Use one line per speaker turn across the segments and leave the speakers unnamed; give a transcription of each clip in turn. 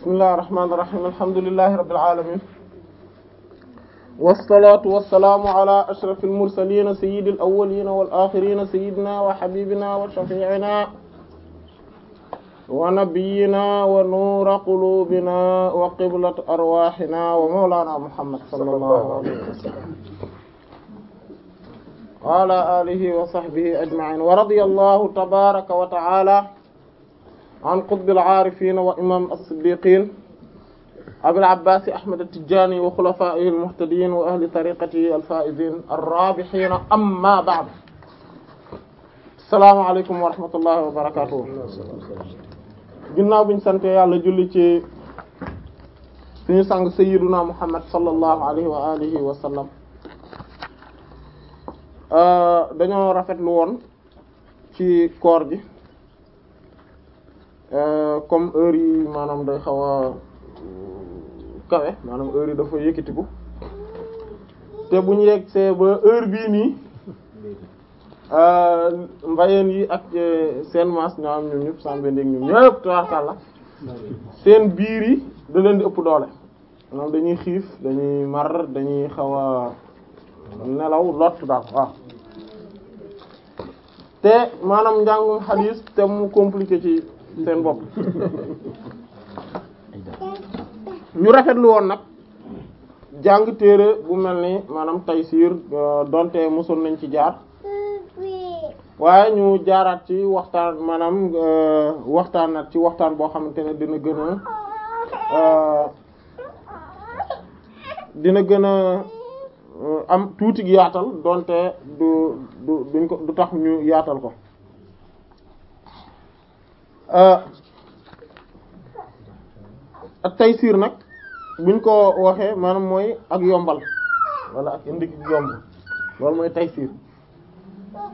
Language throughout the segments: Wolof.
bismillahir rahmanir rahim alhamdulillahi rabbil alamin wassalatu wassalamu ala ashrafil mursalin sayyidil awwalin wal akhirin sayyidina wa habibina wa shafi'ina wa nabiyyina wa nura qulubina wa qiblat arwahina wa mawlana muhammad sallallahu alayhi wa sallam wa ala alihi wa sahbihi ajma'in wa radiyallahu tabaraka wa ta'ala an qutbil aarifiin wa imaam as-siddiqiin abil abbaas ahmad at-tijaani wa xulafaa'ihi al-muhtadiin wa ahli tariiqatihi al-faa'iziin ar-raabihiin amma ba'd. salaamu aleykum wa rahmatullahi wa barakaatuh. ginnaaw bi ñu sant yàlla julli ci suñu sang sayyiduna muhammad sallallahu alayhi wa alihi wa sallam euh, dañoo rafetlu woon ci koor gi. Euh, comme heure yi maanaam day xaw a euh, kawe maanam heure yi dafa yëkkatiku te bu ñu yegg see ba heure bii nii euh, mbayeen yi ak seen maas ñoo ñoom ñëpp sàmbe ndéeg ñoom ñëpp tawaarkàlla seen biir yi da leen di ëpp doole maanaam dañuy xiif dañuy mar dañuy xaw a nelaw lott daal te maanaam njàngum xadiis te mu compliqué ci seen bopp ñu rafetlu woon nag jàng téere bu mel ni maanaam Taysiir euh, donte mosoon nañ ci jaar waaye ñu jaaraat ci waxtaan maanaam euh, waxtaanaat ci waxtaan boo xamante ne dina gën
euh,
dina gën a am tuuti yaatal donte du du duñ ko du tax ñu yaatal ko Euh, ak taysiir nag buñ ko waxee maanaam mooy ak yombal walla ak indi yomb loolu mooy taysiir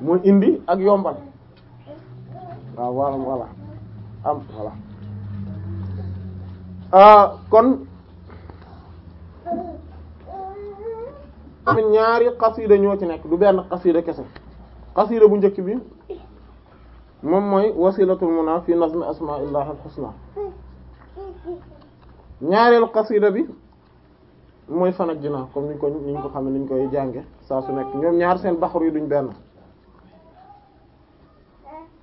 mooy indi ak yombal waaw wala wala am wala euh, kon ñaari xasida ñoo ci nekk du benn xasida kese xasida bu njëkk bi moom mooy wasilatul muna fi nazmi asmaillah al husna ñaareelu xasida bi mooy fan ak jinaa comme niñ ko niñ ko xame niñ koy jànge saa su nekk ñoom ñaar seen baxru yi duñ benn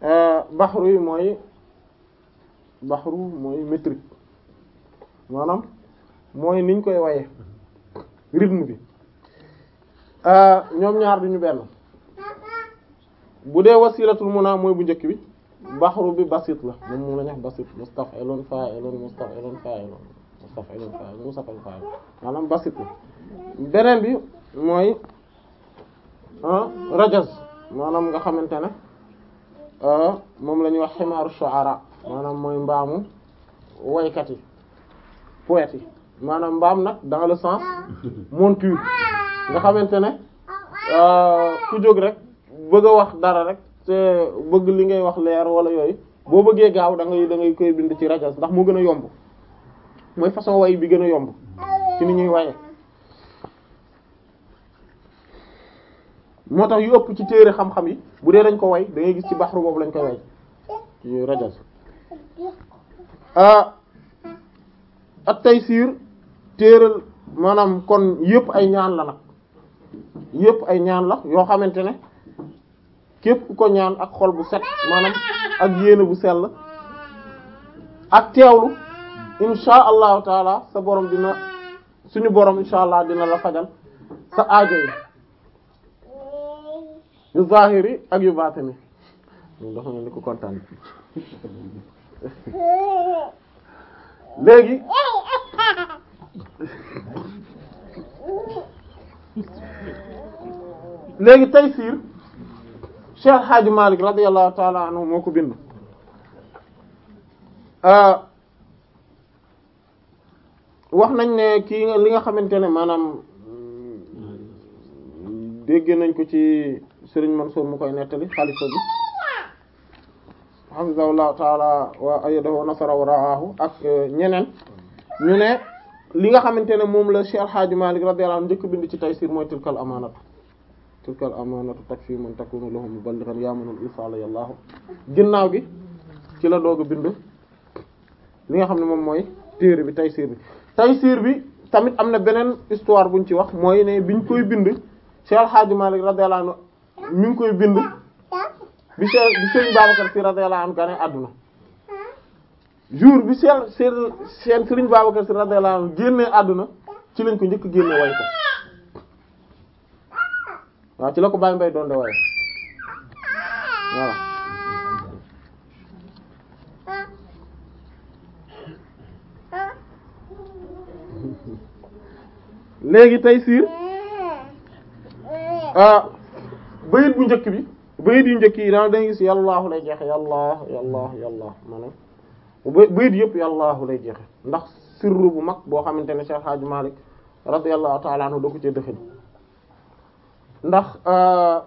euh, baxru yi mooy baxru mooy métrique maanaam mooy niñ koy waye rythme bi euh, ñoom ñaar duñu benn bu dee wasilatul munaa mooy bu njëkk bi baxru bi basit la moom moom la ñu wax basit mustaf'ilun fa'ilun mustaf'ilun fa'ilun mustaf'ilun fa'ilun mustaf'ilun fa'ilun bi mooy ah, rajaz maanaam nga xamante ne ah, moom la ñuy wax ximaaru shu'ara maanaam mooy mbaamu woykat yi poètes yi maanaam mbaam nag dans le sens monture nga xamante ne
ah, ku
jóg rek bëgg a wax dara rek te bëgg li ngay wax leer wala yooyu boo bëggee gaaw da ngay da ngay koy bind ci rajas ndax moo gën a yomb mooy façon way bi gën a yomb ci ni ñuy waye moo tax yu ëpp ci téere xam-xam yi bu dee dañ ko way da ngay gis ci baxru boobu lañ ko way ci rajas ah ak Taysiir téeral maanaam kon yëpp ay ñaan la nag yëpp ay ñaan la yoo xamante ne képp ku ko ñaan ak xol bu set maanaam ak yéene bu sell ak teewlu insha taala sa borom dina suñu borom insha dina la fajal sa aajo yi yu zahiri ak yu baatini dafa léegi léegi taysiir Cheikh Hadj malik radiyallahu ta'ala anhu moo ko bind. Ah, wax nañ ne kii li nga xamante ne maanaam mm, dégg nañ ko ci man Mansour mu koy nettali xalifa bi hafizahullahu ta'ala wa ayyadahu wa nasara wa ak eh, ñeneen ñu ne li nga xamante ne moom la Cheikh Hadj Malick radiyallahu anhu njëkk bind ci Tayssîr mooy tilkal amaanatu tilka al amaanatu takfi man takunu mu muballighan yaa man insalla yallaahu ginnaaw gi ci la doog a bind li nga xam ne moom mooy téere bi Taysiir bi Taysiir bi tamit am na beneen histoire buñ ci wax mooy ne biñ koy bind Cheikh Al Hadj Malick radiyallahu ngi koy bind bi Cheikh bi Serigne Babacar Sy radiyallahu anhu gane àdduna jour bi seen seen seen Serigne Babacar Sy radiyallahu anhu génnee àdduna ci lañ ko njëkk génne way ko waaw ci la ko Baye Mbaye doon de waaye voilà léegi tey siir mm. ah, bayit bu njëkk bi bayit yu njëkk yi daal dañuy gis yàllaahu lay jeexe yàllaah yàllaah yàllaah maanaam bayit yëpp yàllaahu lay jeex ndax sirru bu mag boo xamante ne Cheikh Hadj Malick radiyallahu ta'ala anhu doo ndax euh,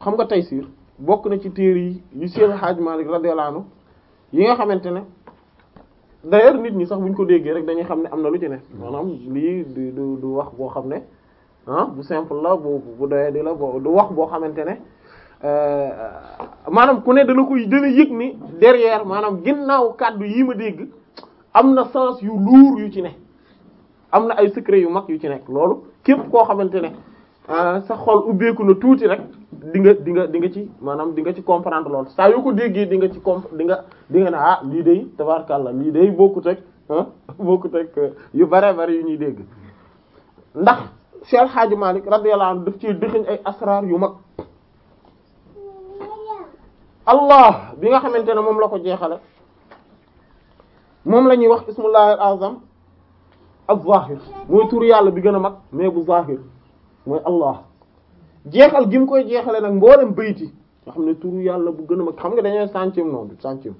xam nga tey Taysiir bokk na ci téere yi yu Seex Xaaj Maalik radiyallaahu yi nga xamante ne d'ailleurs nit ñi sax bu ko déggee rek dañuy xam ne am na lu ci ne maanaam lii du du wax boo xam ne ah bu simple la bu bu doyee di la bu du wax boo xamante ne euh, maanaam ku ne dana koy dana yëg ni derrière maanaam ginnaaw kàddu yi ma dégg am na sens yu luur yu ci ne am na ay secret yu mag yu ci nekk loolu képp koo xamante ne ah, sa xol ubbeeku na tuuti rek di nga di nga di nga ci maanaam di nga ci comprendre lool saa yoo ko déggee di nga ci comp di nga di nga ne ah lii day tabaarkàlla lii day bokkut ak ah bokkut ak euh, yu bare bare yu ñuy dégg ndax Cheikh El Hadj Malick radiyallahu anhu daf ci dëxëñ ay yu mag. Allah bi nga xamante ne moom la ko jeexale moom la ñuy wax ismullahil azam ak zahir mooy tur yàlla bi gën a mag mais bu zahir mooy allah jeexal gi mu koy jeexale nag mboolem bayti nga xam ne tur yàlla bu gën a mag xam nga dañoo centième non du centième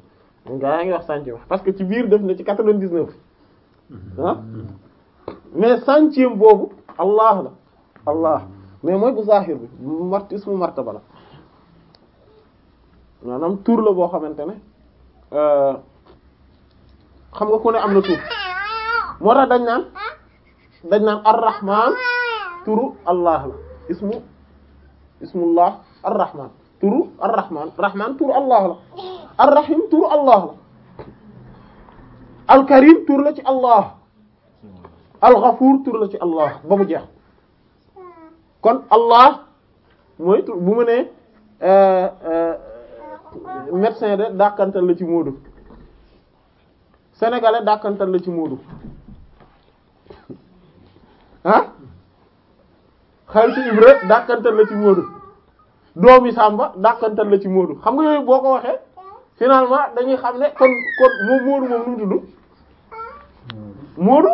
gaa ngi wax centième parce que ci biir def na ci quatre-vingt-dix-neuf ah mais centième boobu allah la allah mais mooy bu zahir bi mart ismu martaba la maanaam tur la boo xamante ne euh, xam nga ku ne am na tur moo tax dañ naan dañ naan arrahman turu allah la ismu ismullah arrahman turu arrahman rahman turu allah la arrahim turu allah la alkarim tur la ci allah alxafuur tur la ci allah ba mu jeex kon allah mooy bu mu nee euh, euh, médecin de dàkkantal la ci Moodu sénégalais dàkkantal la ci Moodu ah xaritu Ibra dàkkantal la ci Moodu doomi Samba dàkkantal la ci Moodu xam nga yooyu boo ko waxee finalement dañuy xam ne kon kon moom Moodu moom nu mu tudd Moodu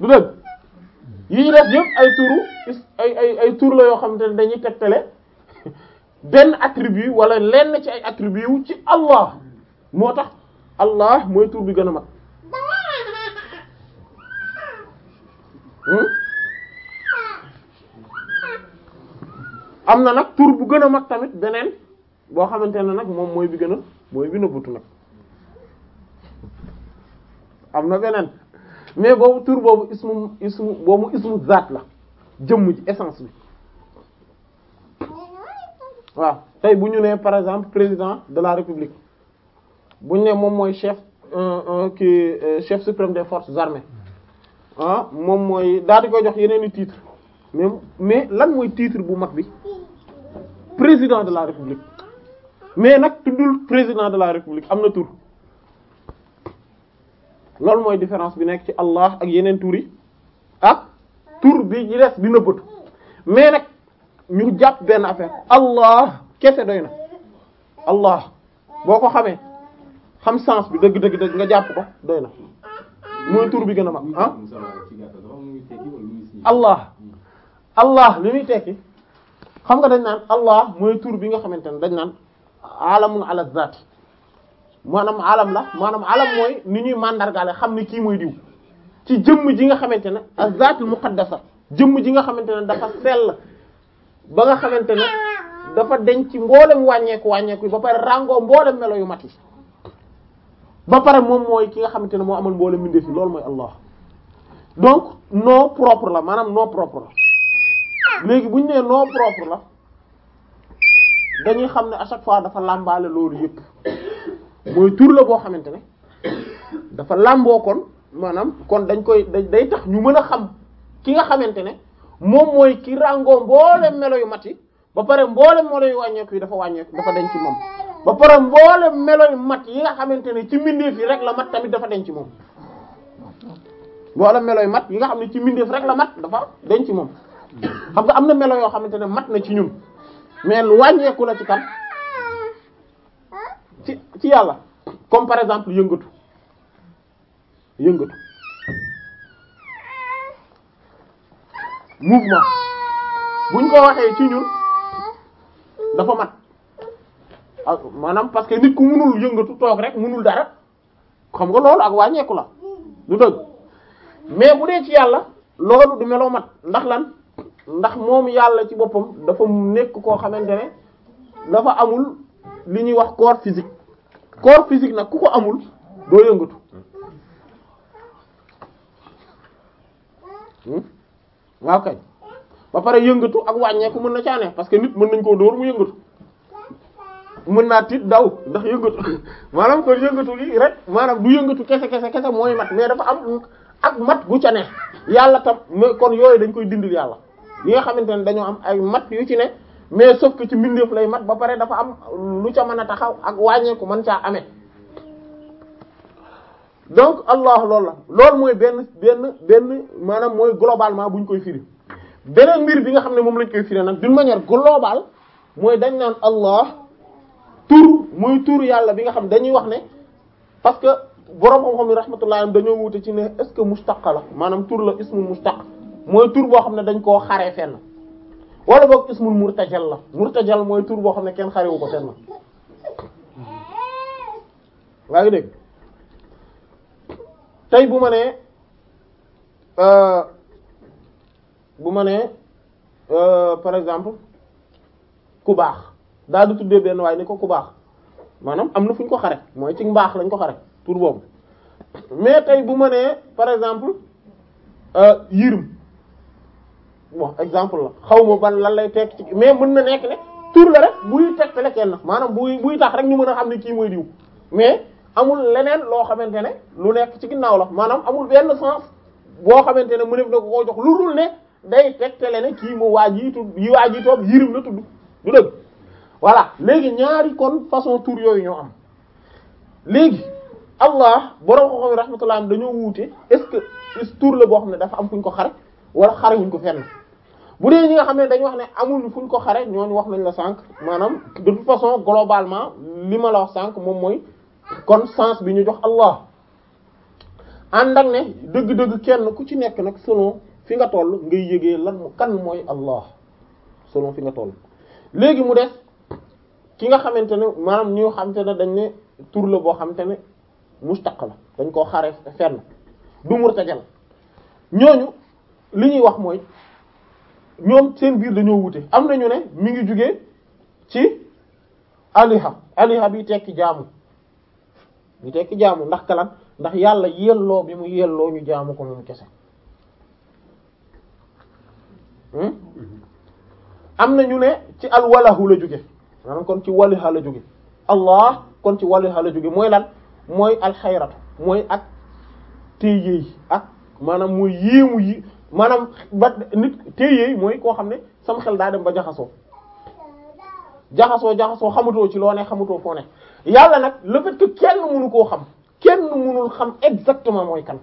du dëgg yi ñu def yëpp ay turu ay ay ay tur la yoo xamante ne dañuy tegtale benn attribut wala lenn ci ay attribut wu ci Allah moo tax Allah mooy tur bi gën a mag Hmm? am na nag tur bu gën a mag tamit beneen boo xamante ne nag moom mooy bi gën a mooy bi nëbbutu nag am na beneen mais boobu tur boobu ismu ismu boobu ismu zaat la jëmm ji essence bi waaw tey bu ñu nee par exemple président de la république bu ñu nee moom mooy chef ki euh, chef suprême des force armées ah moom mooy daal di koy jox yeneen i titre mais mais lan mooy titre bu mag bi président de la république mais nag tuddul président de la république am na tur loolu mooy différence bi nekk ci Allah ak yeneen tur yi ak ah, tur bi ñu des dina bët mais nag ñu jàpp benn affaire Allah kese doy na Allah boo ko xamee xam sens bi dëgg dëgg dëgg nga jàpp ko doy na mooy tur bi gën a mag ah allah allah li muy tekki xam nga dañ naan allah mooy tur bi nga xamante ne dañ naan alamun ala zaat maanaam alam la maanaam alam mooy ni ñuy mandargaale xam ne kii mooy diw ci jëmm ji nga xamante ne az-zaatul muqaddasa jëmm ji nga xamante ne dafa sell ba nga xamante ne dafa denc mboolem wàññeeku wàññeeku ba pare ràngoo boole melo yu mati ba pare moom mooy ki nga xamante ne moo amal mboole mbindeef yi loolu mooy Allah donc nom propre la maanaam nom propre la léegi bu ñu nee nom propre la dañuy xam ne à chaque fois dafa làmbaale loolu yëpp mooy tur la boo xamante ne dafa làmboo kon maanaam kon dañ koy day tax ñu mën a xam ki nga xamante ne moom mooy ki ràngoo mboole melo yu mat yi ba pare mboole melo yu wàññeek yi dafa wàññeeku dafa denc moom. ba pare mboole melo mat yi nga xamante ne ci mbindeef yi rek la mat tamit dafa denc moom mboole melo mat yi nga xam ne ci mbindeef rek la mat dafa denc moom xam nga am na melo yoo xamante ne mat na ci ñun mais lu wàññeeku la ci kan ci ci yàlla comme par exemple yëngatu yëngatu mouvement buñ ko waxee ci ñun dafa mat Ah, maanaam parce que nit ku mënul yëngatu toog rek mënul dara xam nga loolu ak wàññeeku la du dëgg mais bu dee ci yàlla loolu du meloo mat ndax lan ndax moom yàlla ci boppam dafa nekk koo xamante ne dafa amul li ñuy wax corps physique nag ku ko amul doo yëngatu hmm? waaw kay ba pare yëngatu ak wàññeeku mën na caane parce que nit mën nañ koo dóor mu yëngatu mën naa tiit daw ndax yëngatu maanaam kon yëngatu lii rek maanaam du yëngatu kese kese kese mooy mat mais dafa am ak mat gu ca ne yàlla tam kon yooyu dañ koy dindil yàlla yi nga xamante ne dañoo am ay mat yu ci ne mais sauf que ci mbindeef lay mat ba pare dafa am lu ca mën a taxaw ak wàññeeku mën caa amee donc allah loolu la loolu benn benn benn maanaam mooy globalement bu koy firi beneen mbir bi nga xam ne moom lañ koy firi nag d'une manière globale mooy dañ naan allah tur muy tur yàlla bi nga xam dañuy wax ne parce que borom xam-xam yi rahmatullah dañoo wute ci ne est-ce que mustaq la maanaam tur la ismul mustaq mooy tur boo xam ne dañ koo xaree fenn wala boog ismul murtajal la murtajal mooy tur boo xam ne kenn xarewu ko fenn ngaa ngi dégg tey bu ma nee euh, bu ma nee euh, par exemple ku baax daal di tuddee benn waaye ni ko ku baax maanaam am na fu ñu ko xare mooy ci mbaax lañ ko xare tur boobu mais tey bu ma nee par exemple euh, yirim bon exemple la xaw ma ban lan lay tekk ci mais mën na nekk ne tur la rek buy tegtale kenn maanaam buy buy tax rek ñu mën a xam ne kii mooy diw mais amul leneen loo xamante ne lu nekk ci ginnaaw la maanaam amul benn sens boo xamante ne mu ne na ko koo jox lu dul ne day tegtale ne kii mu waa jiitu yi waa jiitoog yirim la tudd du dëgg voilà léegi ñaari kon façon tur yooyu ñoo am léegi allah borom ko xam rahmatullah dañoo wuute est-ce que is la boo xam ne dafa am fu ñu ko xare wala xare wuñ ko fenn bu dee ñi nga xam ne dañu wax ne amul fu ñu ko xare ñooñu wax nañ la sànq maanaam de façon globalement li ma la wax sànq moom mooy kon sens bi ñu jox allah ànd ak ne dëgg-dëgg kenn ku ci nekk nag solo fi nga toll ngay yëgee lan kan mooy allah solo fi nga toll léegi mu def ki nga xamante ne maanaam ñi nga xamante ne dañ ne tur la boo xamante ne mustaq la dañ koo xare fenn du murtajal ñooñu li ñuy wax mooy ñoom seen biir dañoo wute am nañu ne mi ngi jugee ci aliha aliha bi tekki jaamu bi tekki jaamu ndax kalan ndax yàlla yelloo bi mu yelloo ñu jaamu ko moom kese hmm?
mm-hmm.
am na ñu ne ci alwalahu la jóge maanaam kon ci wàllu xaala jóge allah kon ci wàllu xaala jóge mooy lan mooy alxayratu mooy ak téyey ak maanaam mooy yéemu yi maanaam ba nit téyey mooy koo xam ne sam xel daa ba jaxasoo jaxasoo jaxasoo xamatoo ci loo ne xamatoo foo ne yàlla nag le fait que kenn mënu koo xam kenn mënul xam exactement mooy kan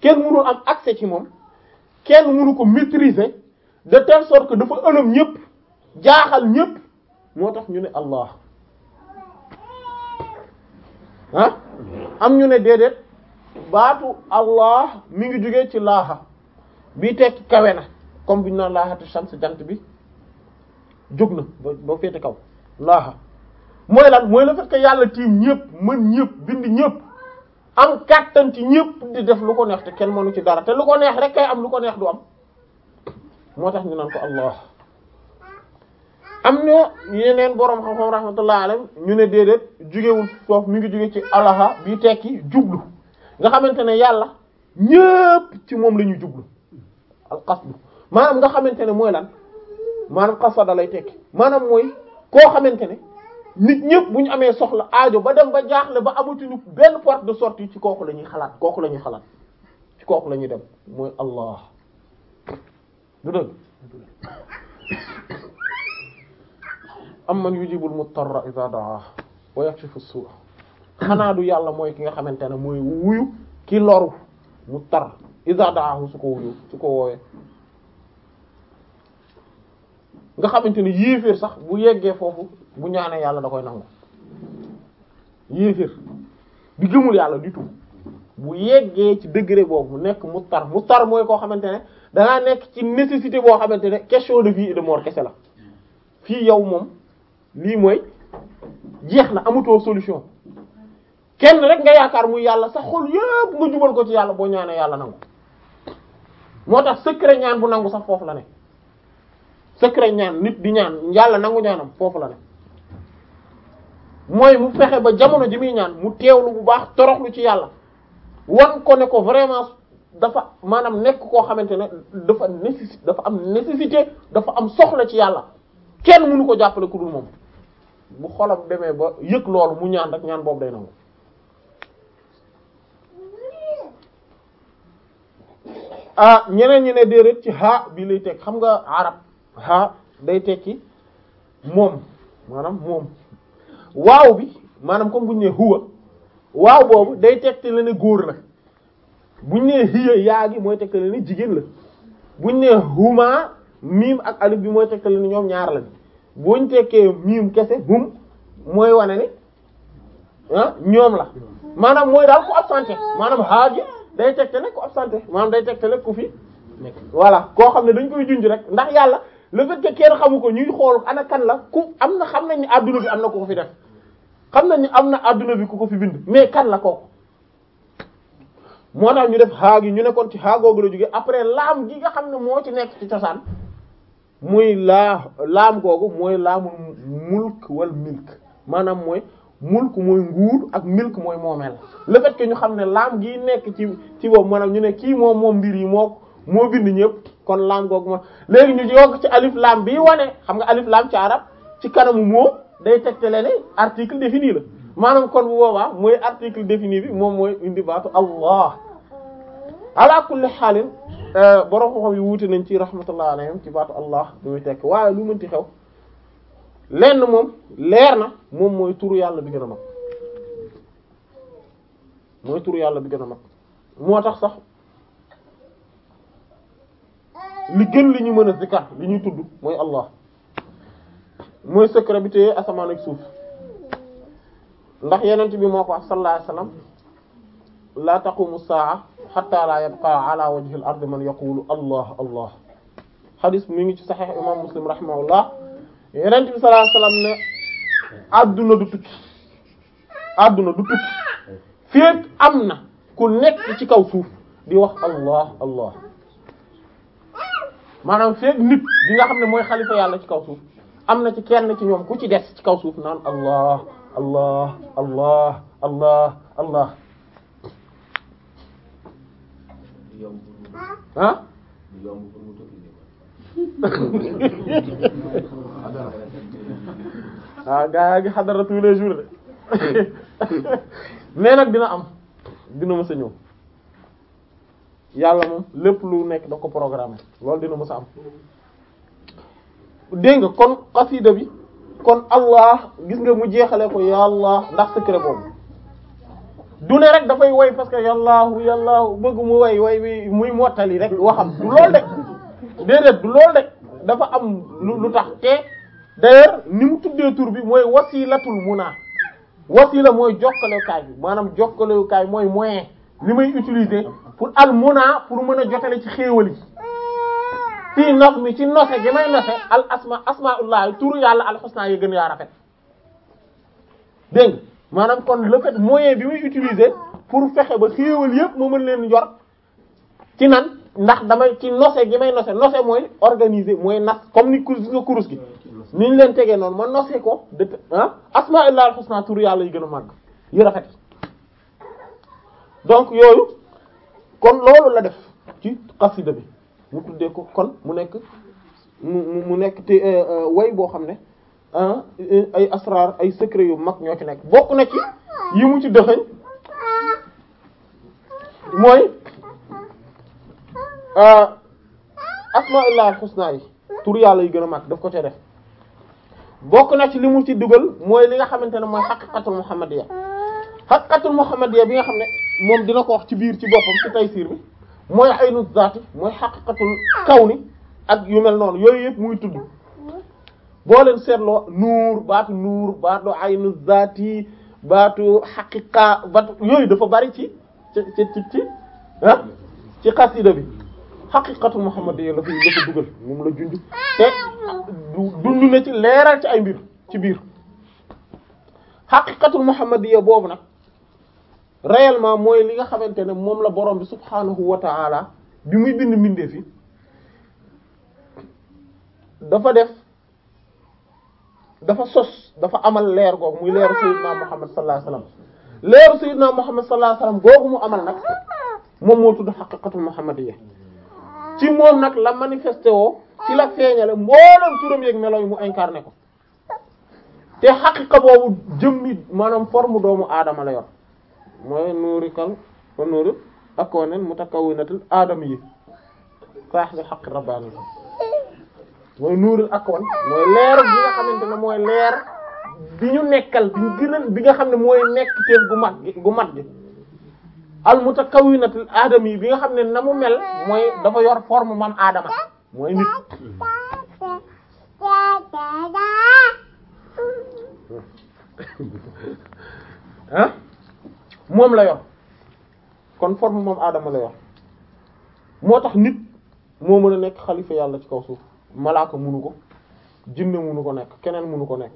kenn mënul am accès ci moom kenn mënu ko maîtriser de telle sorte que dafa ëlëm ñëpp jaaxal ñëpp moo tax ñu ne allah ah am ñu ne déedéet baatu allah mi ngi jugee ci laaxa bii tekki kawe na comme bi ñu naan laaxati shams jant bi jóg na ba ba kaw laaxa mooy lan mooy le fait que yàlla tiim ñëpp mën ñëpp bind ñëpp am kàttan ci ñëpp di def lu ko neex te kenn mënu ci dara te lu ko neex rek ay am lu ko neex du am moo tax ñu naan ko allah am na yeneen boroom xam-xam rahmatullah alayhi ñu ne déedéet jugewul foofu mi ngi jóge ci alaha bi tekki jublu nga xamante ne yàlla ñépp ci moom la ñuy jublu alqasdu maanaam nga xamante ne mooy lan maanaam qasada lay tekki maanaam mooy koo xamante ne nit ñëpp bu ñu amee soxla aajo ba dem ba jaaxle ba amatuñu benn porte de sortie ci kooku la ñuy xalaat kooku lañuy ñuy xalaat ci kooku la dem mooy Allah amman yujibul muttarra idha da'ah wa yakshifu su' xanaa du yàlla mooy ki nga xamante ne mooy wuyu ki loru mu tar idha da'ahu su ko wuyu su ko woowee nga xamante ne yéeféer sax bu yeggee foofu bu ñaanee yàlla da koy nangu yéeféer bi gëmul yàlla di tout bu yeggee ci degré boobu nekk mu tar mu tar mooy koo xamante ne dangaa nekk ci nécessité boo xamante ne question de vie et kese la fii yow moom lii mooy jeex na amutoo solution kenn rek nga yaakaar muy yàlla sax xol yëpp nga jubal ko ci yàlla boo ñaanee yàlla nangu moo tax secret ñaan bu nangu sax foofu la ne secret ñaan nit di ñaan yàlla nangu ñaanam foofu la ne mooy mu fexe ba jamono ji muy ñaan mu teew lu bu baax toroxlu ci yàlla wan ko ne ko vraiment dafa maanaam nekk koo xamante ne dafa nécessité dafa am nécessité dafa am soxla ci yàlla kenn mënu ko jàppale ku dul moom bu xolam demee ba yëg loolu mu ñaan rek ñaan boobu day nangu ah ñeneen ñi ne déedéet ci ha bii lay teg xam nga arab ha day ci moom maanaam moom waaw bi maanaam comme bu ñu nee huwa waaw boobu day tegte la ne góor la bu ñu nee hiya yaa gi mooy tegte la ne jigéen la bu ñu nee huma miim ak alif bi mooy tegte la ne ñoom ñaar lañu boo booñ tekkee miim kese hum mooy wane ni ah ñoom la maanaam mooy daal ku absenté maanaam haaji day tegtale ku absenté maanaam day tegtale ku fi nekk koo xam ne dañ koy junj rek ndax yàlla le fait kenn xamu ko ñuy xool ana kan la ku am na xam nañ ne adduna bi am na ku ko fi def xam nañ ne am na adduna bi ku ko fi bind mais kan la kooku moo tax ñu def xaa gi ñu nekkoon ci xaagoogu la jóge après laam gi nga xam ne moo ci nekk ci cosaan muy laa laam googu mooy laamul mulk wal milk maanaam mooy mulk mooy nguur ak milk mooy moomeel le fait ñu xam ne laam gi nekk ci ci boobu maanaam ñu ne kii moom moom mbir yi moo moo bind ñëpp kon laam googu moom léegi ñu yokk ci alif laam bi wane xam nga alif laam ci arab ci kanamu moo day tegtale ne article défini la maanaam kon bu boobaa mooy article défini bi moom mooy indi baatu allah ala kulli xaalin Euh, borom xam yi wuute nañ ci rahmatullah alayhim ci baatu allah bi muy tekk waaye lu mënti xew lenn moom leer na moom mooy turu yàlla bi gën a mag mooy turu bi gën a moo tax sax li gën li ñu mën a zikar li ñuy tudd mooy allah mooy secret bi téye asamaan ak suuf ndax yeneen bi moo ko wax sallallahu alayhi wasallam taqumu saa hatta la yabqa ala wajhi al ardi man yaqulu allah allah xadis mi ngi ci saxeex imam muslim rahimahullah yenent bi sallallahu alayhi wasallam ne adduna du tukki adduna du tukki féet am na ku nekk ci kaw suuf di wax allah allah maanaam féet nit bi nga xam ne mooy xalifa yàlla ci kaw suuf am na ci kenn ci ñoom ku ci des ci kaw suuf naan allah allah allah allah allah ah ah gaa yaa ngi xadara tous les jours de mais nag dina am dina mës a yàlla moom lépp lu nekk da ko programme loolu dina mës am dégg nga kon xasida bi kon allah gis nga mu jeexale ko ya ndax secret boobu du ne rek dafay woy parce que yallaahu yallaahu bëgg mu woy woy bi muy mottali rek waxam du lool de déedéet du lool de dafa am lu tax te d'ailleurs ni mu tuddee tur bi mooy wasilatul munaa wasila mooy jokkalekaay bi maanaam jokkalekaay mooy moyen li may utiliser pour al munaa pour mën a jotale ci xéewal yi fii nox mi ci nose gi may nose al asma asmaullah turu yàlla al xusna yi gën yaa rafet dégg maanaam kon le fait moyen bi muy utiliser pour fexe ba xéewal yépp ma mën leen yor ci nan ndax damay ci nose gi may nose nose mooy organiser mooy nas comme ni kurus kurus gi ni ñu leen tegee noonu ma nose ko de ah asmaa illal husna tur yàlla yi gën a màgg yi rafet donc yooyu kon loolu la def ci xasida bi mu tuddee ko kon mu nekk mu mu nekk te euh, euh, way boo xam ne Ah, ay asrar ay secret yu mag ñoo ci nekk bokk na ci yi mu ci dëxëñ mooy ah, asma illah al husna yi tur yàlla yu gën a mag daf ko ci def bokk na ci li mu ci dugal mooy li nga xamante ne mooy haqiqatul muhammadiyya haqiqatul muhammadiyya bi nga xam ne moom dina ko wax ci biir ci boppam ci taysiir bi mooy aynu zaati mooy haqiqatul kawni ak yu mel noonu yooyu yëpp muy tudd boo leen seetloo nuur baatu nuur baatu aynu zaati baatu xaqiqa baatu yooyu dafa bari ci ci ci ci ah ci xasida bi xaqiqatu muhammadiyya la fi la dugal moom la junj te dund na ci leeral ci ay mbir ci biir xaqiqatul muhammadiyya boobu nag réellement mooy li nga xamante ne moom la borom bi subhaanahu wa ta'ala bi muy bind mbindee fi dafa def dafa sos dafa amal leer googu muy leeru sayyidna Muhammad sallallahu alayhi wasallam leeru sayyidna Muhammad sallallahu alayhi googu mu amal nag moom moo tudd xaqiqatul muhammadiyya ci moom nag la manifesté woo ci la feeñale mboolem turam yeeg melo yi mu incarné ko te xaqiqa boobu jëmmi maanaam forme doomu aadama la yor mooy nuurikal wa nuuri akoonen mutakawwinatul aadam yi saax bi xaqi rabbaani mooy nuurul akwan mooy leer bi nga xamante ne mooy leer bi ñu nekkal bi bi nga xam ne mooy nekk teef gu mat gu mat gi al mutakawwinatul aadam yi bi nga xam ne na mu mel mooy dafa yor forme mam aadama mooy nit ah moom la yor kon forme moom aadama la yor moo tax nit moo mën a nekk xalifa yàlla ci kaw suuf malaaka munu ko jinne munu ko nekk keneen munu ko nekk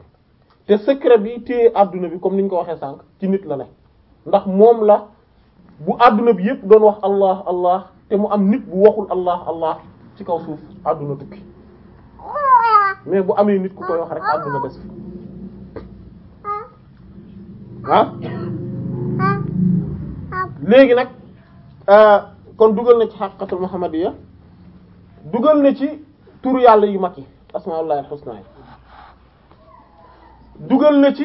te secret bi téye àdduna bi comme ni ñu ko waxee sànq ci nit la ne ndax moom la bu àdduna bi yëpp doon wax allah allah te mu am nit bu waxul allah allah ci kaw suuf adduna tukki mais bu amee nit ku koy wax rek adduna des fi ah léegi nag euh, kon dugal na ci xaqiqatul muhammadiyya dugal na ci turu yàlla yu mag yi asmaullahi alxusna yi dugal na ci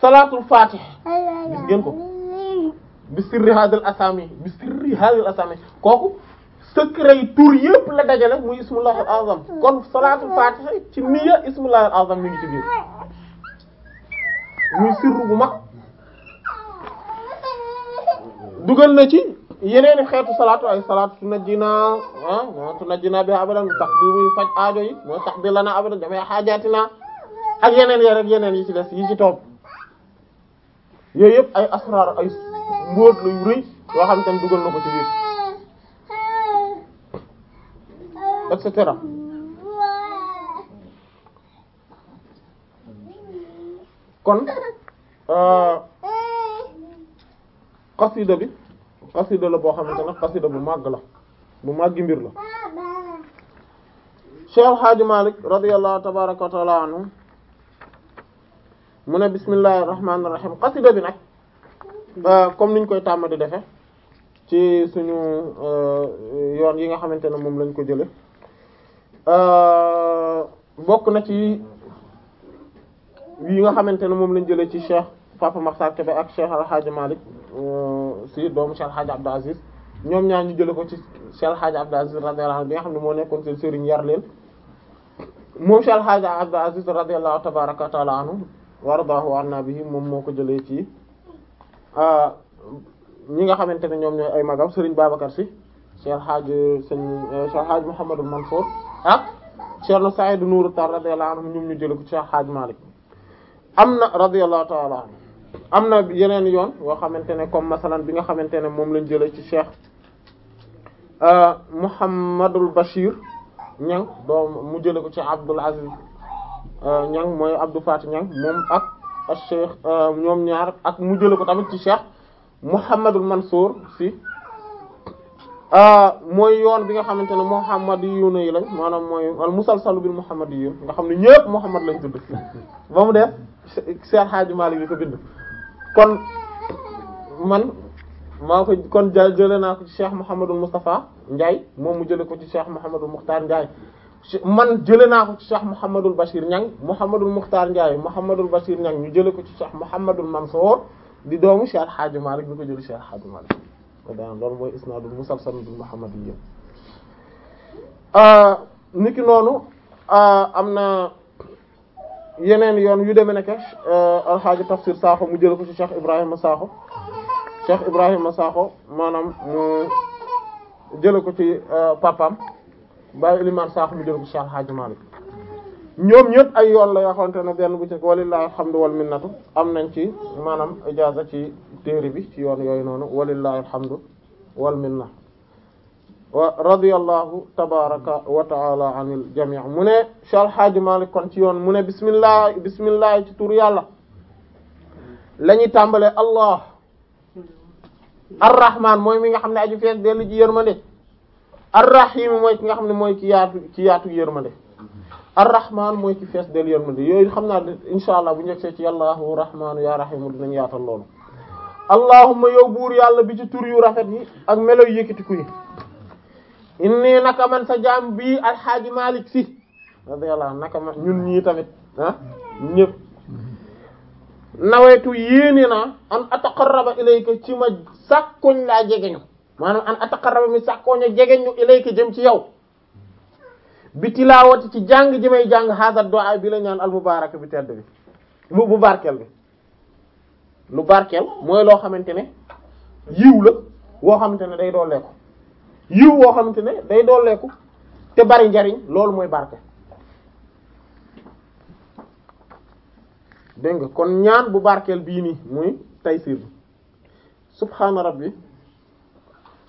salaatul fatih gis ngeen ko bi sirri hadal asami bi sirri hadal asami kooku secret tur yëpp la dajale muy ismullahil azam kon salaatul fatih ci niya ismullahil azam mi ngi ci biir muy sirru bu mag dugal na ci yeneeni xeetu salaatu ay salaatu tu najjinaa ah tu najjinaa bi abadan tax bi muy faj aajo yi mooy tax bi lana abadan damay xaajaatinaa yeneen yeneen yi ci des yi ci topp yooyu yëpp ay asraar ay mbóot la yu rëy xam te ne dugal na ko ci biir et cetera kon euh, xasida bi xasida la boo xamante ne xasida bu màgg la bu màggi mbir la Cheikh El Hadj Malick radiyallahu tabaraka wa taala mu ne bismillahir rahmanir rahim xasida bi nag euh, comme niñ koy tàmm di defe ci suñu euh, yoon yi nga xamante ne moom lañ ko jële euh, bokk na ci yi nga xamante ne moom lañ jële ci Cheikh Papa Makhtar Kébé ak Cheikh Al Hadj Malick euh, Sy doomu Cheikh Al Hadj Aziz ñoom ñaar ñu jëlee ko ci Cheikh Al Hadj Aziz radiyallahu bi nga xam ne moo nekkoon seen sëriñ yar leen moom Cheikh Al tabaraka wa taala anhu wa radaahu anna moom moo ko jëlee ci euh, ñi nga xamante ne ñoom ñooy ay magam Serigne Babacar Sy Cheikh Al Hadj sëñ euh, Cheikh Al Hadj Mouhamadou Mansour ak Cheikh nu Nourou Tall radiyallahu anhu ñoom ñu jëlee ko ci Cheikh Al am na radiyallahu am na yeneen yoon yoo xamante ne comme masalan bi nga xamante ne moom lañ jëlee ci cheikh euh, Mouhamadul Bachir Niang doom mu jëlee ko ci Abdul Aziz euh, Niang mooy Abdou Faty Niang moom ak ak euh, ñoom ñaar ak mu jëlee ko tamit ci cheikh Mouhamadul Mansour si mooy yoon bi nga xamante ne muhammadiyuun yi lañ maanaam mooy al musalsalu bil muhammadiyuun nga xam ne ñëpp Muhammad lañ tudd ba mu def Cheikh Hadji yi ko bind. kon man maa ko kon ja jëlee naa ko ci Cheikh Mouhamadul Moustapha Ndiaye moom mu jëlee ko ci Cheikh Mouhamadul Mukhtar Ndiaye man jëlee naa ko ci Cheikh Mouhamadul Bachir Niang Mouhamadul Mukhtar Ndiaye Mouhamadul Bachir Niang ñu jëlee ko ci Cheikh Mouhamadul Mansour di doomu Cheikh El Hadj Malick bi ko jëlee Cheikh El Hadj Malick daan loolu mooy isnaadul musalsal bil muhammadiyya ah, niki noonu ah, am na. yeneen yoon yu demee nekk euh, alxaaji tafsir Sakho mu jël ko ci Cheikh Ibrahima Sakho Cheikh Ibrahima Sakho maanaam mu jël ko ci euh, papaam Baye Elimane Sakho mu jël ko ci Cheikh Alxaaji Malik ñoom ñëpp ay yoon la yoo xamante ne benn bu ci walillahi alhamdu wal minnatu am nañ ci maanaam ijaaza ci téere bi ci yoon yooyu noonu walillahi alhamdu wal minna wa radiyallahu tabaraka wa taala anil jami' mu ne Cheikh El Hadj Malick kon ci yoon mu ne bismillah bismillah ci tur yàlla la ñuy tàmbalee allah arrahman mooy mi nga xam ne aju fees dellu ji yërmande arrahim mooy ki nga xam ne mooy ci yaatu ci yaatu yërmande arrahman mooy ci fees dellu yërmande yooyu xam naa insha allah bu njëkk see ci yàlla rahmaanu yaa rahimu dinañ yaatal loolu allahumma yow buur yàlla bi ci tur yu rafet yi ak melo yëkkatiku yi inni naka man sa jaam bi alxaaji Malick si radiyallahu naka man ñun ñii tamit ah ñëpp nawetu yéene naa an ataqarraba ilayka ci ma sàkkoñ laa jegeñu maanaam an ataqarraba mi sàkkooñ a jegeñu ilayka jëm ci yow bi tilaawati ci jàng ji may jàng haasa du'a bi la ñaan al mubaaraka bi tedd bi bu bu barkeel bi lu barkeel mooy loo xamante ne yiw la woo xamante ne day doolee ko yiw woo xamante ne day dooleeku te bari njariñ loolu mooy barke dégg nga kon ñaan bu barkeel bii nii muy taysir bi subhaana rabbi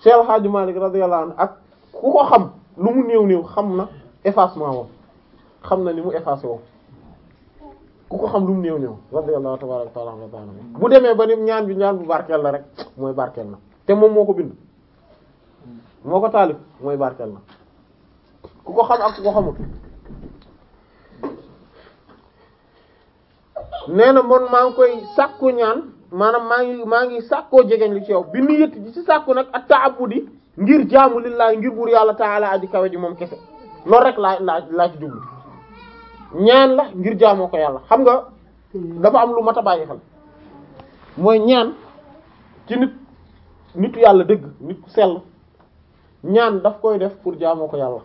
Cheikh El Hadj Malick radiyallahu anhu ak ku ko xam lu mu néew néew xam na effacement woom xam na ni mu effacé woom ku ko xam lu mu néew néew radiyallahu tabaaraka wa ta'ala bu demee ba ni ñaan bi ñaan bu barkeel la rek mooy barkeel na te moom moo ko bind moo ko taalif mooy barkeel na ku ko xam ak ku ko xamut nee na man maa ngi koy sàkku ñaan maanaam maa ngi maa ngi sàkkoo jegeñ li ci yow bi niyati ji ci sàkku nag ak ta'abbudi ngir jaamu lillahi ngir buur yàlla ta'ala aji kawe ji moom kese loolu rek laaj laaj laa ñaan la ngir jaamoo ko yàlla xam nga dafa am lu mat a bàyyi xel mooy ñaan ci nit nitu yàlla dëgg nit ku sell ñaan daf koy def pour jaamoo ko yàlla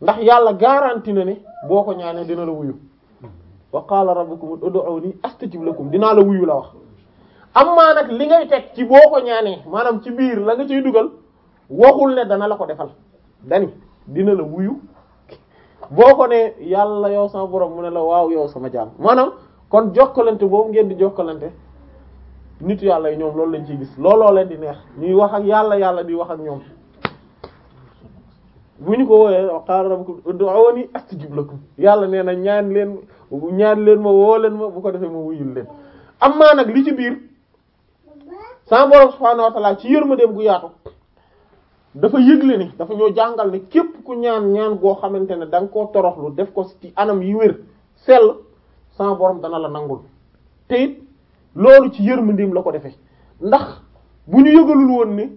ndax yàlla garanti na ne boo ko ñaanee dina la wuyu wa aw rabbukum ud'uni astajib lakum dinaa la wuyu la wax am maa nag li ngay teg ci boo ko ñaanee maanaam ci biir la nga ciy dugal waxul ne dana la ko defal dani dina la wuyu boo ko ne yàlla yow sama borom mu ne la waaw yow sama jaam maanaam kon jokkalante boobu ngeen di jokkalante nit yàlla yi ñoom loolu lañ ciy gis looloo leen di neex ñuy wax ak yàlla yàlla di wax ak ñoom bu ñu ko wooyee qaala rabbukum ud'uuni astajib lakum yàlla nee na ñaan leen ñaan leen ma woo leen ma bu ko defee ma wuyul leen amma nag li ci biir sa borom subhaanahu wa ta'aala ci yaatu dafa yëgle ni dafa ñoo jàngal ne képp ku ñaan ñaan goo xamante ne da nga koo toroxlu def ko ci anam yi wér sell sa borom dana la nangul te loolu ci yërmandeem la ko defee ndax bu ñu yëgalul woon ni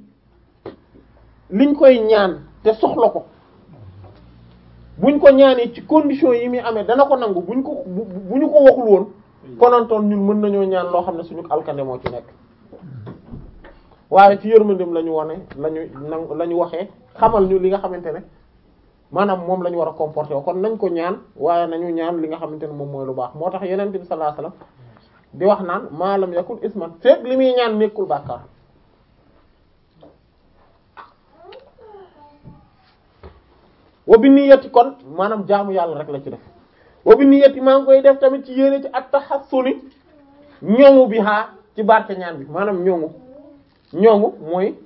liñ koy ñaan. te soxla ko buñ ko ñaanee ci condition yi muy amee dana ko nangu buñ ko bu ñu ko waxul woon konantoon ñun mën nañoo ñaan loo xam ne suñu alkande moo ci nekk waaye ci yërmandeem la ñu wane la ñu nangu la ñu waxee xamal ñu li nga xamante ne maanaam moom la ñu war a comporté o kon nañ ko ñaan waaye nañu ñaan li nga xamante ne moom mooy lu baax moo tax yeneen bi sallallahu alayhi di wax naan maalam yakul isman fekk li muy ñaan nekkul bàkkaar wa bi kon maanaam jaamu yàlla rek la ci def wa bi niyyati maa ngi koy def tamit ci yéene ci ak at tahassuni ñoŋu bi xaa ci barke ñaan bi maanaam ñoŋu ñoŋu mooy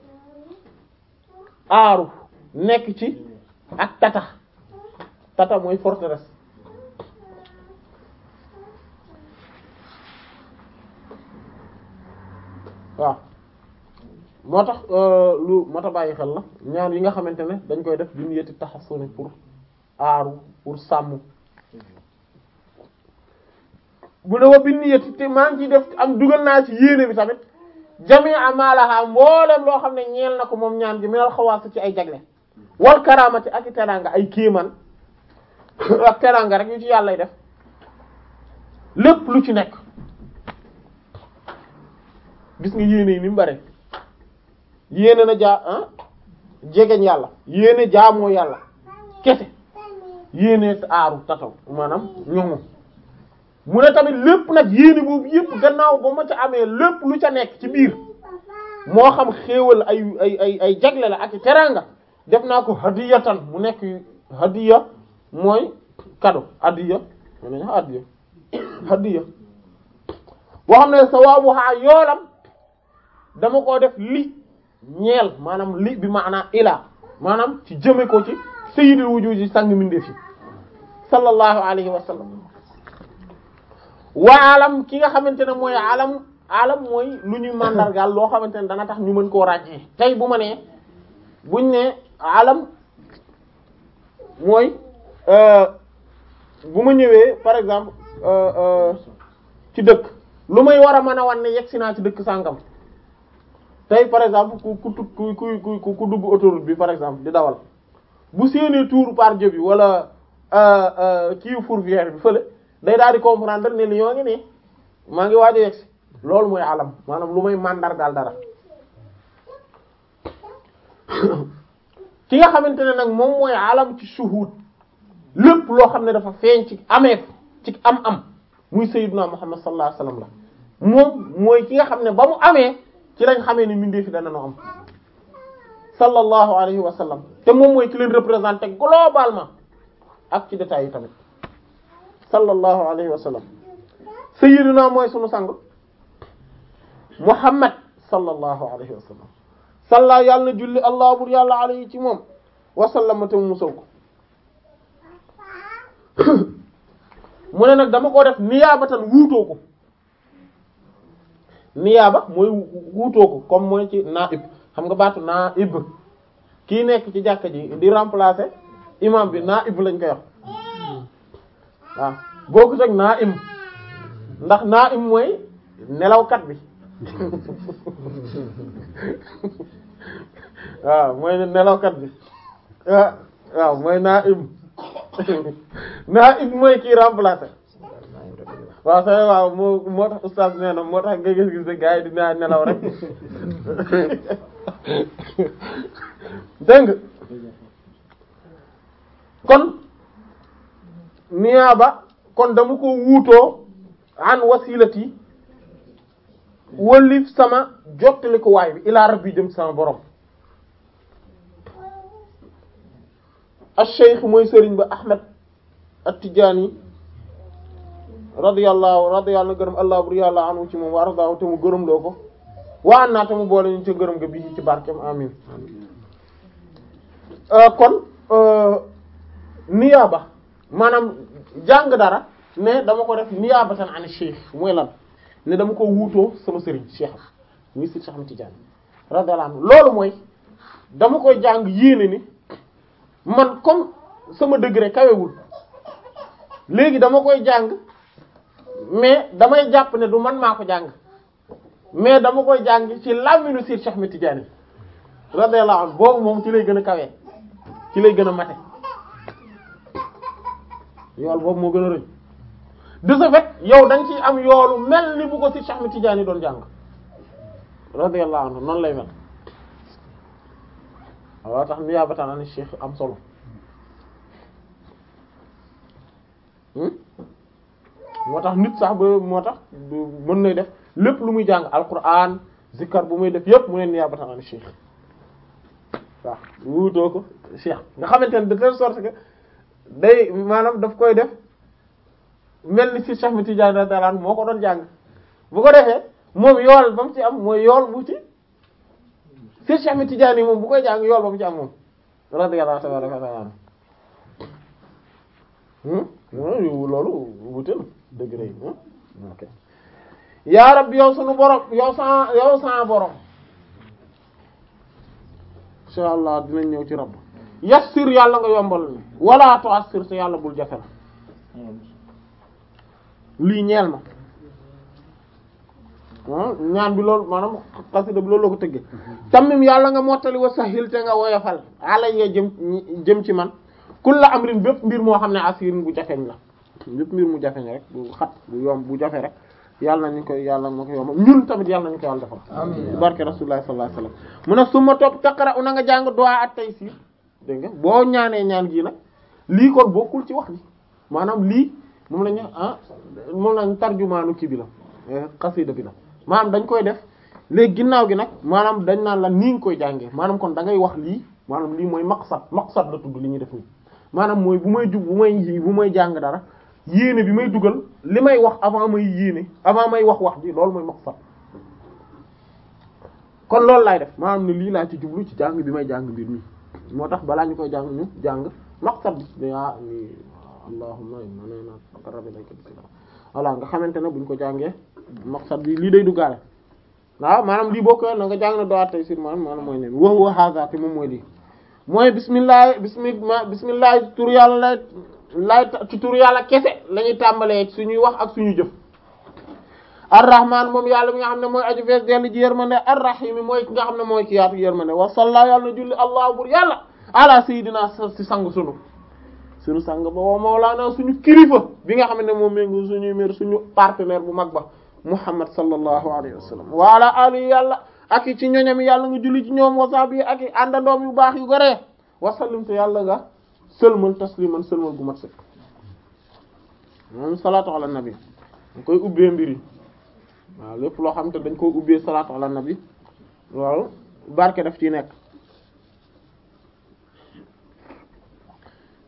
aaru nekk ci ak tata tata mooy forteresse waaw moo tax euh, lu moo tax bàyyi xel la ñaan yi nga xamante ne dañ koy def duñu yëti taxasuni pour aaru pour sàmm bu ne wa bi niyyati te maa ngi def am dugal naa ci yéene bi tamit jami amalaha mboolem loo xam ne ñeel na ko moom ñaan gi minal xawaas ci ay jagle wal karaamati ak i ay kéemaan ak teraanga rek yu ci yàllay def lépp lu ci nekk gis nga yéene yi ni mu yéene na ah, yàlla yéene jaamoo yàlla kese yéene aaru tasaw maanaam ñoŋu mu ne tamit lépp nag yéene boobu yépp gannaaw ba ma ca amee lépp lu ca nekk ci biir moo xam xéewal ay ay ay ay jagle la ak teraanga def naa ko hadiyatan mu nekk hadiya mooy cadeau hadiya mu ne hadiya hadiya boo xam ne sawaabu xaa yoolam dama koo def li ñeel maanaam li bi maanaa ilaa maanaam ci jëme ko ci sayyidul wujuud yi sang mindeef yi sallallahu alayhi wa sallam wa alam ki nga xamante ne mooy alam alam mooy lu ñuy màndargaal loo xamante ne dana tax ñu mën koo ràññee tey bu ma nee buñ ne alam mooy euh, bu ma ñëwee par exemple euh, euh, ci dëkk lu may war a mën a wan ne yegg si naa ci dëkk sàngam tey par exemple ku ku ku ku ku ku dugg autoroute bi par exemple di dawal bu séenee tour par jëb bi wala euh, euh, kii fourvière bi fële day daal di comprendre ne li ñoo ngi nii maa ngi waaj a loolu mooy alam maanaam lu may màndargaal dara ki nga xamante ne nag moom mooy alam ci suhud lépp loo xam ne dafa feeñ ci ameef ci am am muy sayyiduna muhammad sallallahu alayhi wasallam la moom mooy ki nga xam ne ba mu amee ci lañ xamee ni mbindeef yi dana no am sallallahu alayhi wa sallam te moom mooy ki leen représenté globalement ak ci détails tamit sallallahu alayhi wa sallam sayyiduna mooy sunu sang muhammad sallallahu alayhi wa sallam salla yàlla na julli allah bur yàlla alayhi ci moom wasallama te mu mu ne nag dama koo def niyaabatan wuutoo ko niyaaba mooy wuutoo ko comme mooy ci naib xam nga baatu naib kii nekk ci jàkka ji di remplacer imam bi naa ib lañ koy wax waaw bokkut ak naim ndax naim mooy nelawkat bi waaw mooy nelawkat bi ah, waaw mooy naim naib mooy kii remplacer waaw sa waaw moo tax oustaz nee moo tax nga gis gis ne gars yi dinaa nelaw rek dégg kon niyaaba kon dama ko wuutoo an wasilati wëlif sama jottali ko waay bi ilaa rabbi jëm sama borom a cheikh mooy sëriñ ba Ahmed at yi radiyallahu radiyallahu na gërëm allah bur yàlla anhu ci moom wa ardaahu te mu gërëm loo ko waa an naa te mu boole ñu ci gërëm nga bi ci barkeem amin euh, kon euh, niyaaba maanaam jàng dara ne dama ko def niyaabatan an cheikh mooy lan ne dama ko wuutoo sama sëriñ cheikh muy si Cheikh Tidiane radiyallahu anhu loolu mooy dama koy jàng yéene ni man comme sama degré kawewul léegi dama koy jàng mais damay jàpp ne du man maa ko jàng mais dama koy jàng ci làmmiñu Seydi Cheikh Ahmed Tidiane radiyallahu anhu boobu moom ci lay gën a kawee ci lay gën a mate yool boobu moo gën a rëy de ce fait yow da ci am yoolu mel ni bu ko Seydi Cheikh Ahmed Tidiane doon jàng radiyallahu anhu noonu lay mel waaw tax niyaabatan an Cheikh am solo hmm? moo tax nit sax ba moo tax mën nay def lépp lu muy jàng alquran zikkar bu muy def yépp mu ne niyaabatan an cheikh waaw wuutoo ko nga xamante ne da telle sorte que day maanaam daf koy def mel ni si Cheikh mi Tidiane radiyallahu anhu moo ko doon jàng bu ko defee moom yool ba mu ci am mooy yool bu ci si Cheikh mi Tidiane yi moom bu koy jàng yool ba mu ci am moom radiyallahu tabaraka wa ta'ala hmm? Hmm? loolu wuute na degré yi ok yaa rabbi yow sunu borom yow sa yow sa borom insha allah dinañ ñëw ci rabb yassir yàlla nga yombal ni wala tu'assir yàlla bul jafe lii ñeel ma ñaan bi loolu maanaam xasida bi loolu la ko tëggee tamim yàlla nga mottali wa sahil te nga woyofal ala ya jëm jëm ci man kulla amrin bépp mbir moo xam ne asirin bu jafeñ la ñëpp mbir mu jafe ñi rek bu xat bu yomb bu jafe rek yàlla nañu koy yàlla moo ko yombal ñun tamit yàlla nañu ko yàlla defal. amiin barke rasulullah sallallahu alayhi wasallam. mu ne su ma topp taqara na nga jàng du'a at-taysir dégg nga boo ñaanee ñaan gii nag lii kon bokkul ci wax bi maanaam lii moom la ñu ah moom la kii bi la xasida eh, bi la maanaam dañ koy def léegi ginnaaw gi nag maanaam dañ naan la nii koy jàngee maanaam kon da ngay wax lii maanaam lii mooy maqsad maqsad la tudd li ñuy def nii maanaam mooy bu may jub bu may bu may jàng dara. yéene bi may dugal li may wax avant may yéene avant may wax wax ji loolu mooy maqsad kon loolu laay def maanaam ne lii laa ci jublu ci jàng bi may jàng mbir mi moo tax balaa ñu koy jàng ñu jàng maqsad bi ah xamante ne buñ ko jàngee maqsad bi lii day duggaale waaw maanaam lii bokk na nga jàng na dowaat tey sur maanaam mooy nen wax wa haza te moom mooy lii mooy bismillah bismillah bismillah lay ci tur yàlla kese la ñuy tàmbalee suñuy wax ak suñuy jëf arrahman moom yàlla mi nga xam ne mooy aju fees dell ji yërmande arrahim mooy ki nga xam ne mooy ki yaatu wa salla yàlla julli allah bur yàlla sunu suñu sang ba wa mawlaana suñu kilifa bi nga xam ne moom méngu suñuy mér suñu partenaire bu mag ba muhammad sallallahu alayhi wa sallam wa ala yàlla ak ci ñoñam yàlla nga julli ci ñoom wasaab yi ak i àndandoom yu baax yu goree wasallim te yàlla nga sëlmal tasliman sëlmal gu mat sëkk moom salaatu ala nabi dañ koy ubbee mbir yi waaw lépp loo xam te dañ koy ubbee salaatu ala nabi loolu barke daf ciy nekk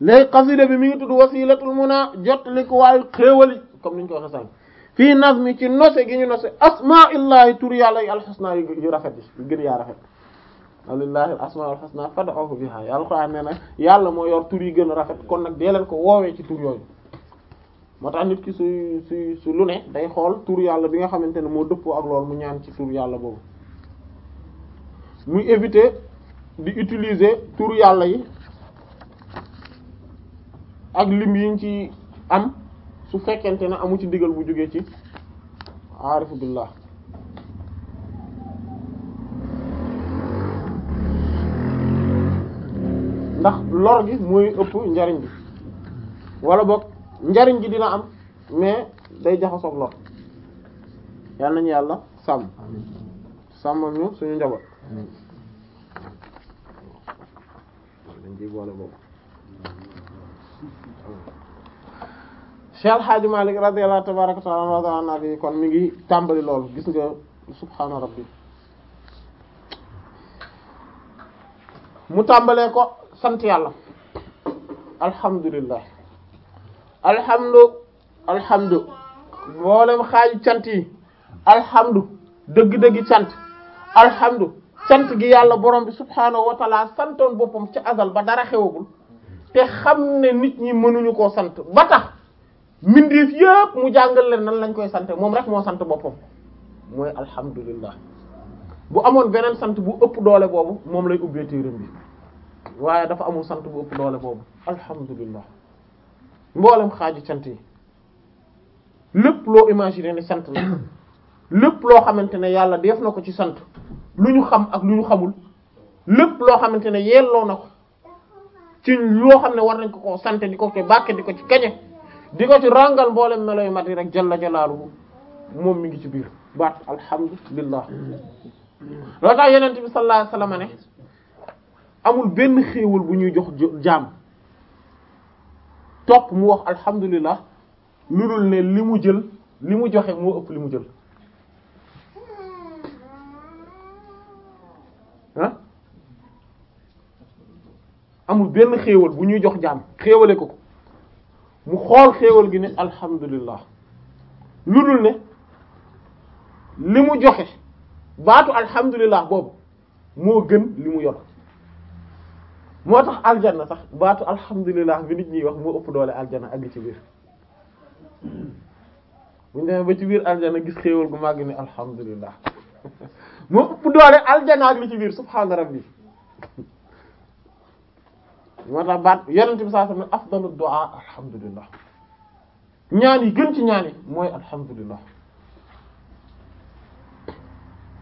léegi xasida bi mi ngi tudd wasilatul muna jot li ko waayu xéewali comme niñ ko waxee sànq fii mi ci nose gi ñu nose asmaa illahi tur yàlla yi alxusna yu rafet yi gën yaa rafet lillahi al-asmaa'ul husnaa fad'uuhu bihaa yàlla ko am nee nag yàlla moo yor tur yi gën a rafet kon nag dee leen ko woowee ci tur yooyu moo tax nit ki su su su lu ne day xool tur yàlla bi nga xamante ne moo dëppoo ak loolu mu ñaan ci tur yàlla boobu muy éviter di utiliser tur yàlla yi ak lim yiñ ci am su fekkente ne amu ci ndigal bu jógee ci aarifu billah ndax lor gi mooy ëpp njariñ bi wala boog njariñ gi dina am mais day jaxasoog lor yal nañu yàlla sàmm sàmmal ñu suñu njaboot Cheikh El Hadj Malick radiyallahu tabaaraka wa ta'ala anhu kon mi ngi tàmbali loolu gis nga subhaana rabbi mu tàmbalee ko sant yàlla alhamdulillah alhamdu alhamdu mboolem xaaju cant yi alhamdu dëgg-dëgg cant alhamdu sant gi yàlla borom bi subhaanahu wa taala santoon boppam ci azal ba dara xewagul te xam ne nit ñi mënuñu koo sant ba tax mbindeef yëpp mu jàngal leen nan lañ koy sant moom rek moo sant boppam mooy alhamdulillah bu amoon beneen sant bu ëpp doole boobu moom lay ubbee téeram bi waaye dafa amul sant bu ëpp doole boobu alhamdulillah mboolem xaaju sant yi lépp loo imaginer ne sant la lépp loo xamante ne yàlla def na ko ci sant lu ñu xam ak lu ñu xamul lépp loo xamante ne loo na ko ci loo xam ne war nañ ko ko sant di ko ci bàkke di ko ci kañe di ko ci rangal mboolem melo yu mat yi rek jalla jalaaluhu moom mi ngi ci biir baat alhamdulillah loolu tax yeneen bi sallallahu alayhi wasallam ne amul benn xéewal bu ñuy jox jaam topp mu wax alhamdulilah lu dul ne li mu jël li mu joxe moo ëpp li mu jël ah amul benn xéewal bu ñuy jox jaam xéewale ko ko mu xool xéewal gi ne alhamdulilah lu dul ne li mu joxe baatu alhamdulilah boobu moo gën li mu yor moo tax aljanna sax baatu alhamdulilah bi nit ñiy wax moo ëpp doole aljanna ak ci biir bu ñu demee ba ci biir aljanna gis xéewal gu màgg ni alhamdulilah moo ëpp doole aljanna ak li ci biir subhaana rabbi moo tax baat yonent bi saa sam ne afdalu du'a alhamdulilah ñaan yi gën ci ñaan yi mooy alhamdulilah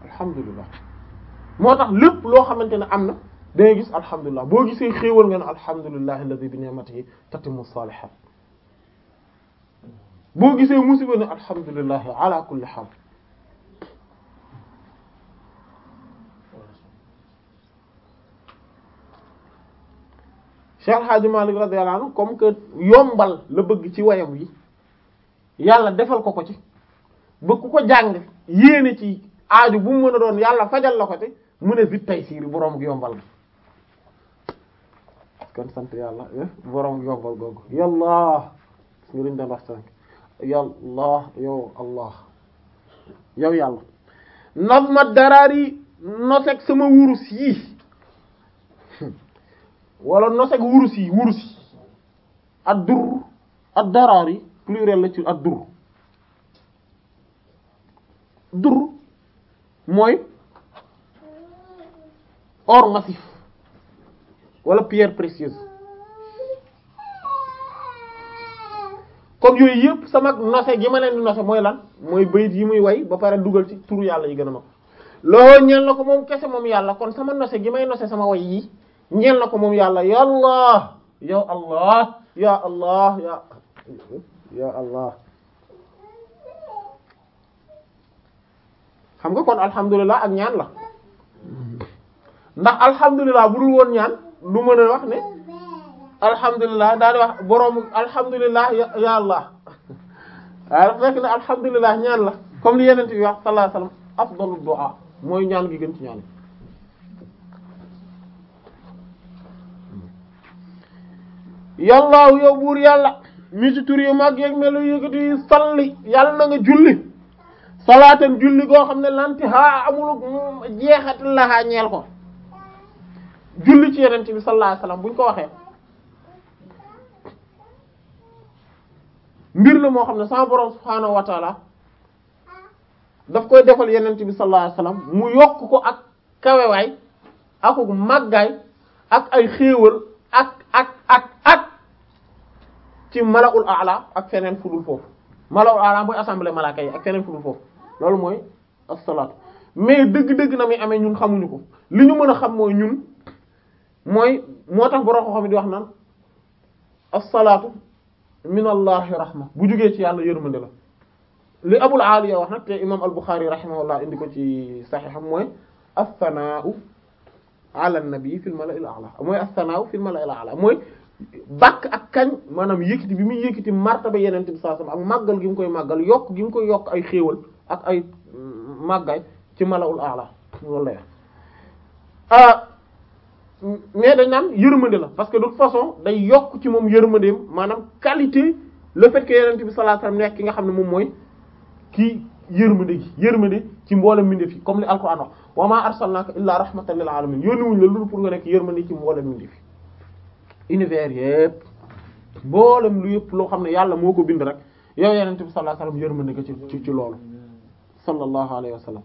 alhamdulilah moo tax lépp loo xamante ne am na da ngay gis alhamdulilah boo gisee xéewal nga ne alhamdulilah alladi bi ni'matihi tatimmu salihat boo gisee musiba ne alhamdulilah ala kulli hal Cheikh Hadji Malick radiyallahu anhu comme que yombal la bëgg ci wayam yi yàlla defal ko ko ci ba ko jàng yéene ci aaju bu mu a doon yàlla fajal la ko ci mu ne vite tay siiri boroom yombal la kon sant yàlla eh? borom yobbal googu yàlla gis nga liñ doon wax sànq yàlla yow allah yow yàlla naf ma daraari noseg sama wurus yi wala noseg wurus yi wurus yi ad dur ad daraari pluriel la ci mooy or massif wala pierre précieuse kon yooyu yëpp sama nose gi ma leen di nose mooy lan mooy bayit yi muy way ba pare dugal ci turu yàlla yi gën a mag loolu ñeel na ko moom kese moom yàlla kon sama nose gi may nose sama way yi ñeel na ko moom yàlla ya allah ya allah ya allah xam nga kon alhamdulilah ak ñaan la ndax alhamdulilah bu dul woon ñaan du mën wax ne alhamdulilah daal wax borom alhamdulilah ya yàlla waaye fekk na alhamdulilah ñaan la comme li yeneen bi wax sallallahu alayhi wasallam afdalu du'a mooy ñaan gi gën ci ñaan yàllaaw yow buur yàlla mi yu mag yeeg melu yëkkati yi salli yàlla na nga julli salaatan julli goo xam ne lanti haa amulug jeexati laxaa ñeel ko julli ci yenente bi sallallahu alayhi wasallam bu ñu ko waxee mbir la moo xam ne sama borom subhaanahu wa daf koy defal yenente bi sallallahu alayhi wasallam mu yokk ko ak kawewaay akuk màggaay ak ay xéewal ak ak ak ak ci malaul ala ak feneen fudul foofu malaul ala mooy assemblée malaaka yi ak feneen fudul foofu loolu mooy as-salaat mais dëgg-dëgg na muy amee ñun xamuñu ko li ñu mën a xam mooy ñun mooy moo tax borom xam di wax naan as-salaatu minallahi rahma bu jógee ci yàlla yërmande la li abul aliya wax nag te imam al-Bukhari rahimahullah indi ko ci saxiixam mooy as-sanaa'u ala nabi fil mala'il a'la mooy as-sanaa'u fil mala'il a'la mooy bàkk ak kañ maanaam yëkkati bi muy yëkkati martaba yeneen bi saa sama ak màggal gi mu koy màggal yokk gi mu koy yokk ay xéewal ak ay mm, màggaay ci mala'ul a'la loolu la mais dañ naan yërmande la parce que de toute façon day yokk ci moom yërmandeem maanaam qualité le fait que yonent bi sallallahu alayhi wasallam nekk ki nga xam ne moom mooy kii yërmande gi yërmande ci mboolem mbindeef yi comme li alquran wax wa ma arsalnaka illa rahmatan lil alamin yónni wuñ la loolu pour nga nekk yërmande ci mboolem mbindeef yi univers yépp mboolem lu yëpp loo xam ne yàlla moo ko bind rek yow yonent bi sallallahu alayhi wasallam yërmande nga ci ci loolu sallallahu alayhi wasallam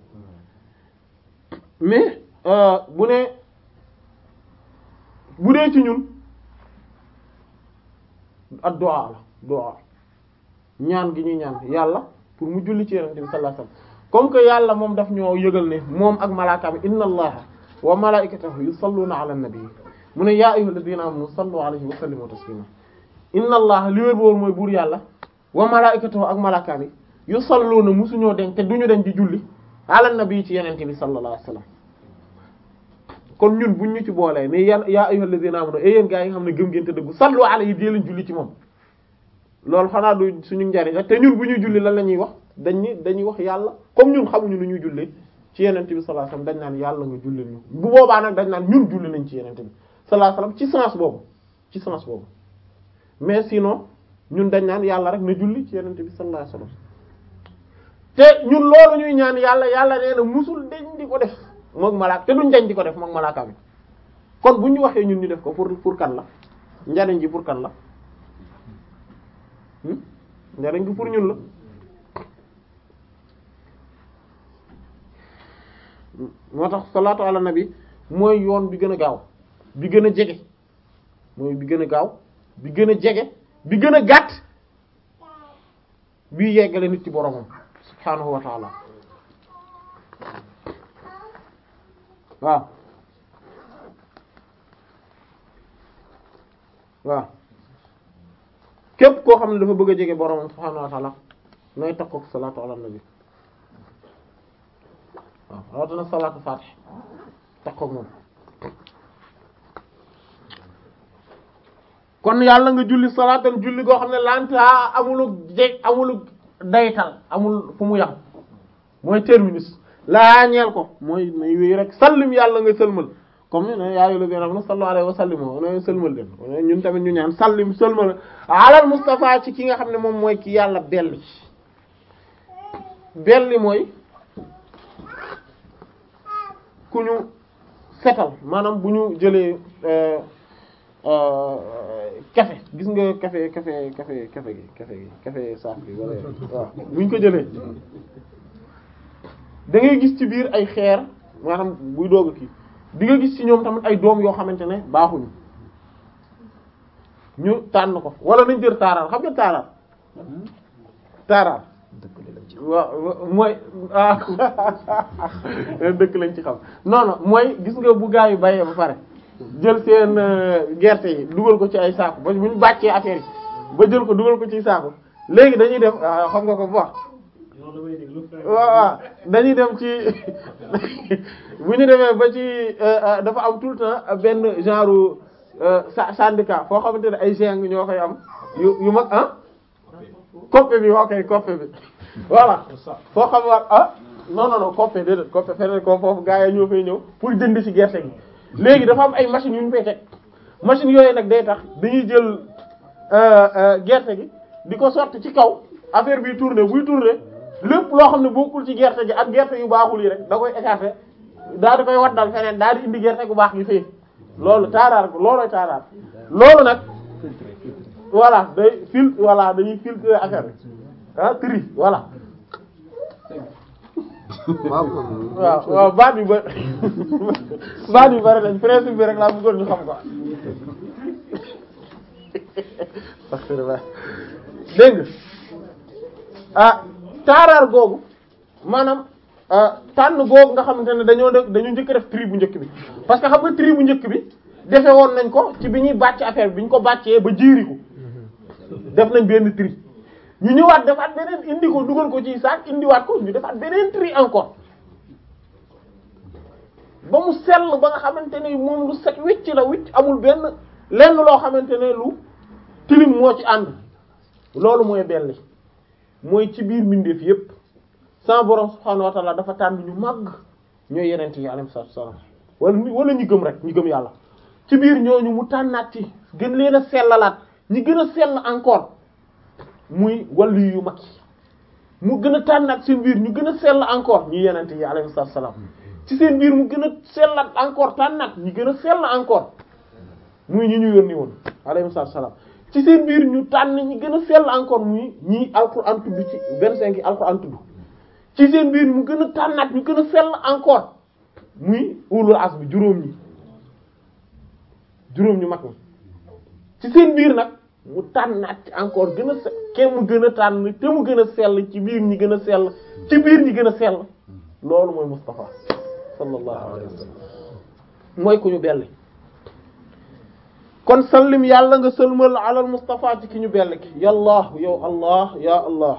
mais euh, bu ne bu dee ci ñun ak du'a la du'a ñaan gi ñuy ñaan yàlla pour mu julli ci yonent bi sallallahu alayhi wasallam comme que yàlla moom daf ñoo yëgal ne moom ak malaakaam inna allaha wa malaa'ikatahu yusalluna ala nabi mu ne yaa ayyuhalladhina amanu sallu alayhi wa sallimu taslima inna allaha li wér boor mooy buur yàlla wa malaa'ikatahu ak malaakaam yi yusalluna musuñoo den te duñu den di julli ala nabi ci yonent bi sallallahu alayhi wasallam kon ñun buñ ñu ci boolee mais yan yaa ayyuhal ladina amanu e yéen gaa yi nga xam ne gëm ngeen dëggu sallu alayhi dee leen julli ci loolu xanaa du suñu njariñ te ñun bu ñuy julli lan la ñuy wax dañ dañuy wax yàlla comme ñun xamuñu nu ñuy jullee ci yenente bi sallallahu alayhi wasallam dañ naan yàlla nga julli ñu bu boobaa nag dañ naan ñun julli nañ ci yenente bi sallallahu alayhi wasallam ci sens mais sinon ñun dañ naan yàlla rek na julli ci yenente bi sallallahu alayhi wasallam te loolu ñuy ñaan yàlla yàlla nee na musul dañ di ko def moom malaaka te duñ dañ di ko def moom malaakaam yi kon bu ñu waxee ñun ñu def ko pour pour kan la njariñ gi pour kan la hmm? njariñ ji pour ñun la moo tax salaatu ala nabi mooy yoon bi gën a gaaw bi gën a jege mooy bi gën a gaaw bi gën a jege bi gën a gàtt bi yeggale nit ci boromam subhaanahu wa ta'ala waaw waaw képp koo xam ne dafa bëgg a jege boroomam subhaanahu wa ta'ala nooy takkook salaatu ala nabi waaw rawatina salaatu fatih takkook moom kon yàlla nga julli salaatan julli koo xam ne lanta amulu jeg amulu daytal amul fu mu yam mooy terminus laa ñeel ko mooy yooyu rek sallim yàlla nga sëlmal comme ñu ne yaa ayyuhal lazina amanu sallu alayhi wa sallimu ne sëlmal leen ñun tamit ñu ñaan sallim sëlmal alal Mustafa ci ki nga xam ne moom mooy ki yàlla belli belli mooy ku ñu setal maanaam bu ñu jëlee kafe euh, euh, gis nga kafe kafe kafe kafe gi kafe gi kafe saaf bi ko jëlee dangay gis ci biir ay xeer maanaam buy doog a kii di nga gis ci ñoom tamit ay doom yoo xamante ne baaxuñu ñu tànn ko wala nañ jël taaraar xam nga taaraar taaraar waaw mooy ah, dëkk lañ ci xam non mooy gis nga bu gaa yi bayee ba pare jël seen euh, gerte yi dugal ko ci ay saako ba bu ñu bàccee affaire yi ba jël ko dugal ko ci saako léegi dañuy def ah, xam nga ko bu waaw dañuy dem ci bu ñu demee ba ci euh, euh, dafa am tout le temps benn genre euh, sa syndicat foo xamante ne ay geng ñoo koy yu yu mag ah. coppe bi waa koy coppe bi
voilà
foo xam waa ah noon non non coppe déedéet coppe feneen ko foofu gaa yi ñoo fay ñëw pour jënd ci gerte gi léegi dafa am ay machines yu ñu fay teg yooy nag day tax ñuy jël gerte gi di ko sotti ci kaw affaire bi tourner buy tourner. lépp loo xam ne bokkul ci gerte gi ak gerte yu baaxul yi rek da koy écarter daal di koy waddal feneen daal di indi gerte gu baax gi fii loolu taaraar ko loolooy taaraar loolu nag voilà day fil voilà dañuy filtrer affaire ah tri voilà
waaw waaw
baat yu bëri baat yu bëri lañ principe bi rek laa bëggoon ñu xam ko dégg ah taaraar googu maanaam euh, tànn googu nga xamante ne dañoo dañoo njëkk def tri bu njëkk bi parce que xam nga tri bu njëkk bi defe woon nañ ko ci bi ñuy bàcc affaire bi ñu ko bàccee ba jiiriku def nañ benn tri ñu ñëwaat defaat beneen indi ko dugal ko ci saak indiwaat ko ñu defaat beneen tri encore ba mu sell ba nga xamante ne moom lu set wicc la wicc amul benn lenn loo xamante ne lu tilim moo ci ànd loolu mooy belli mooy ci biir mbindeef yépp sans borom subhaanahu wa ta'ala dafa tànn ñu màgg ñooy yenent yi alayhi salaatu wa salaam wala wala ñu gëm rek ñu gëm yàlla ci biir ñu mu tànnaat ci gën leen a sellalaat ñi gën a sell encore muy wàllu yu mag mu gën a tànnaat seen biir ñu gën a sell encore ñu yenent yi alayhi salaatu salaam ci seen biir mu gën a sellaat encore tànnaat ñu gën a sell encore muy ñu ñu yónni woon alayhi salaatu salaam ci seen biir ñu tànn ñi gën a sell encore muy ñii alxuraan tudd ci vingt cinq ci seen biir mu gën a tànnaat ñu gën a sell encore muy ulul as bi juróom ñi juróom ñu mag ñi ci seen biir nag mu tànnaat ci encore gën a sell kenn mu gën a tànn te mu gën a sell ci biir ñi gën a sell ci biir ñi gën a sell loolu mooy Mustafa sallallahu alayhi wa mooy ku ñu belle kon sallim yàlla nga sëlmal alal Mustafa ci ki ñu bell ki yàlla yow yàlla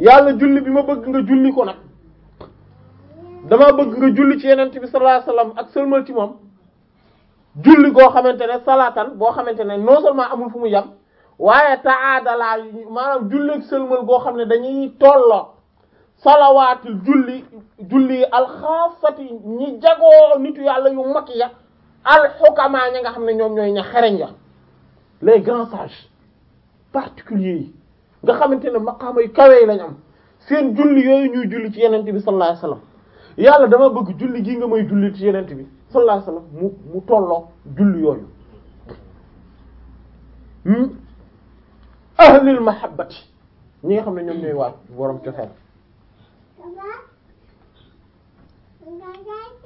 yàlla julli bi ma bëgg nga julli ko nag dama bëgg nga julli ci yenent bi sallallahu ak sëlmal ci moom julli goo xamante ne salaatan boo xamante ne non seulement amul fu mu yam waaye taadalaa maanaam julli ak sëlmal goo xam ne dañuy tolloo salawaatul julli julli alxaasati ñi jagoo nitu yàlla yu mag ya al xukama ñi nga xam ne ñoom ñooy ña xereñ ya les grands sages particuliers yi nga xamante ne maqaama yu kawe yi lañ am seen julli yooyu ñuy julli ci yenente bi sallallahu alayhi wasallam yàlla dama bëgg julli gi nga may julli ci yenente bi sallallahu alayhi wasallam mu mu tolloo julli yooyu hmm? ahlil mahabbati ñi nga xam ne ñoom ñooy waa borom cofeel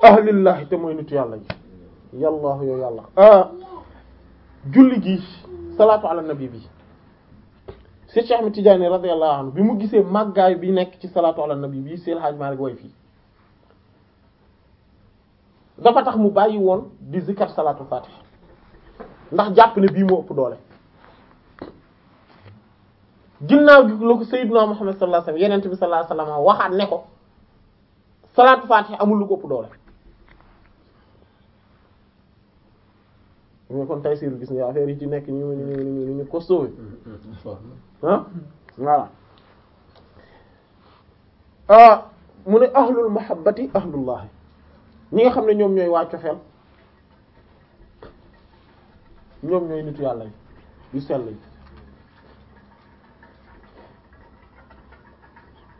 ahlillahi te mooy nitu yàlla ji yàlla yow yàlla ah, julli gi salaatu ala nabi bi si Cheikh Ahmed Tidiane radiyallahu anhu bi mu gisee màggaay bi nekk ci salaatu ala nabi bi seel Hadj Malick way fii dafa tax mu bàyyi woon di zikar salaatu fatih ndax jàpp ne bii moo ëpp doole ginnaaw gi la ko sayyidina Muhammad sallallahu alayhi wasallam yenent bi sallallahu alayhi wasallam waxaat ne amul lu ko ëpp doole ñu kon tey siiru gis nga affaire yi ci nekk ñu ñu ñu ñu ñu costaud ah voilà ah mu ne ahlul mahabbati ahlullahi ñi nga xam ne ñoom ñooy wàcc xel ñoom ñooy nitu yàlla yi yu sell yi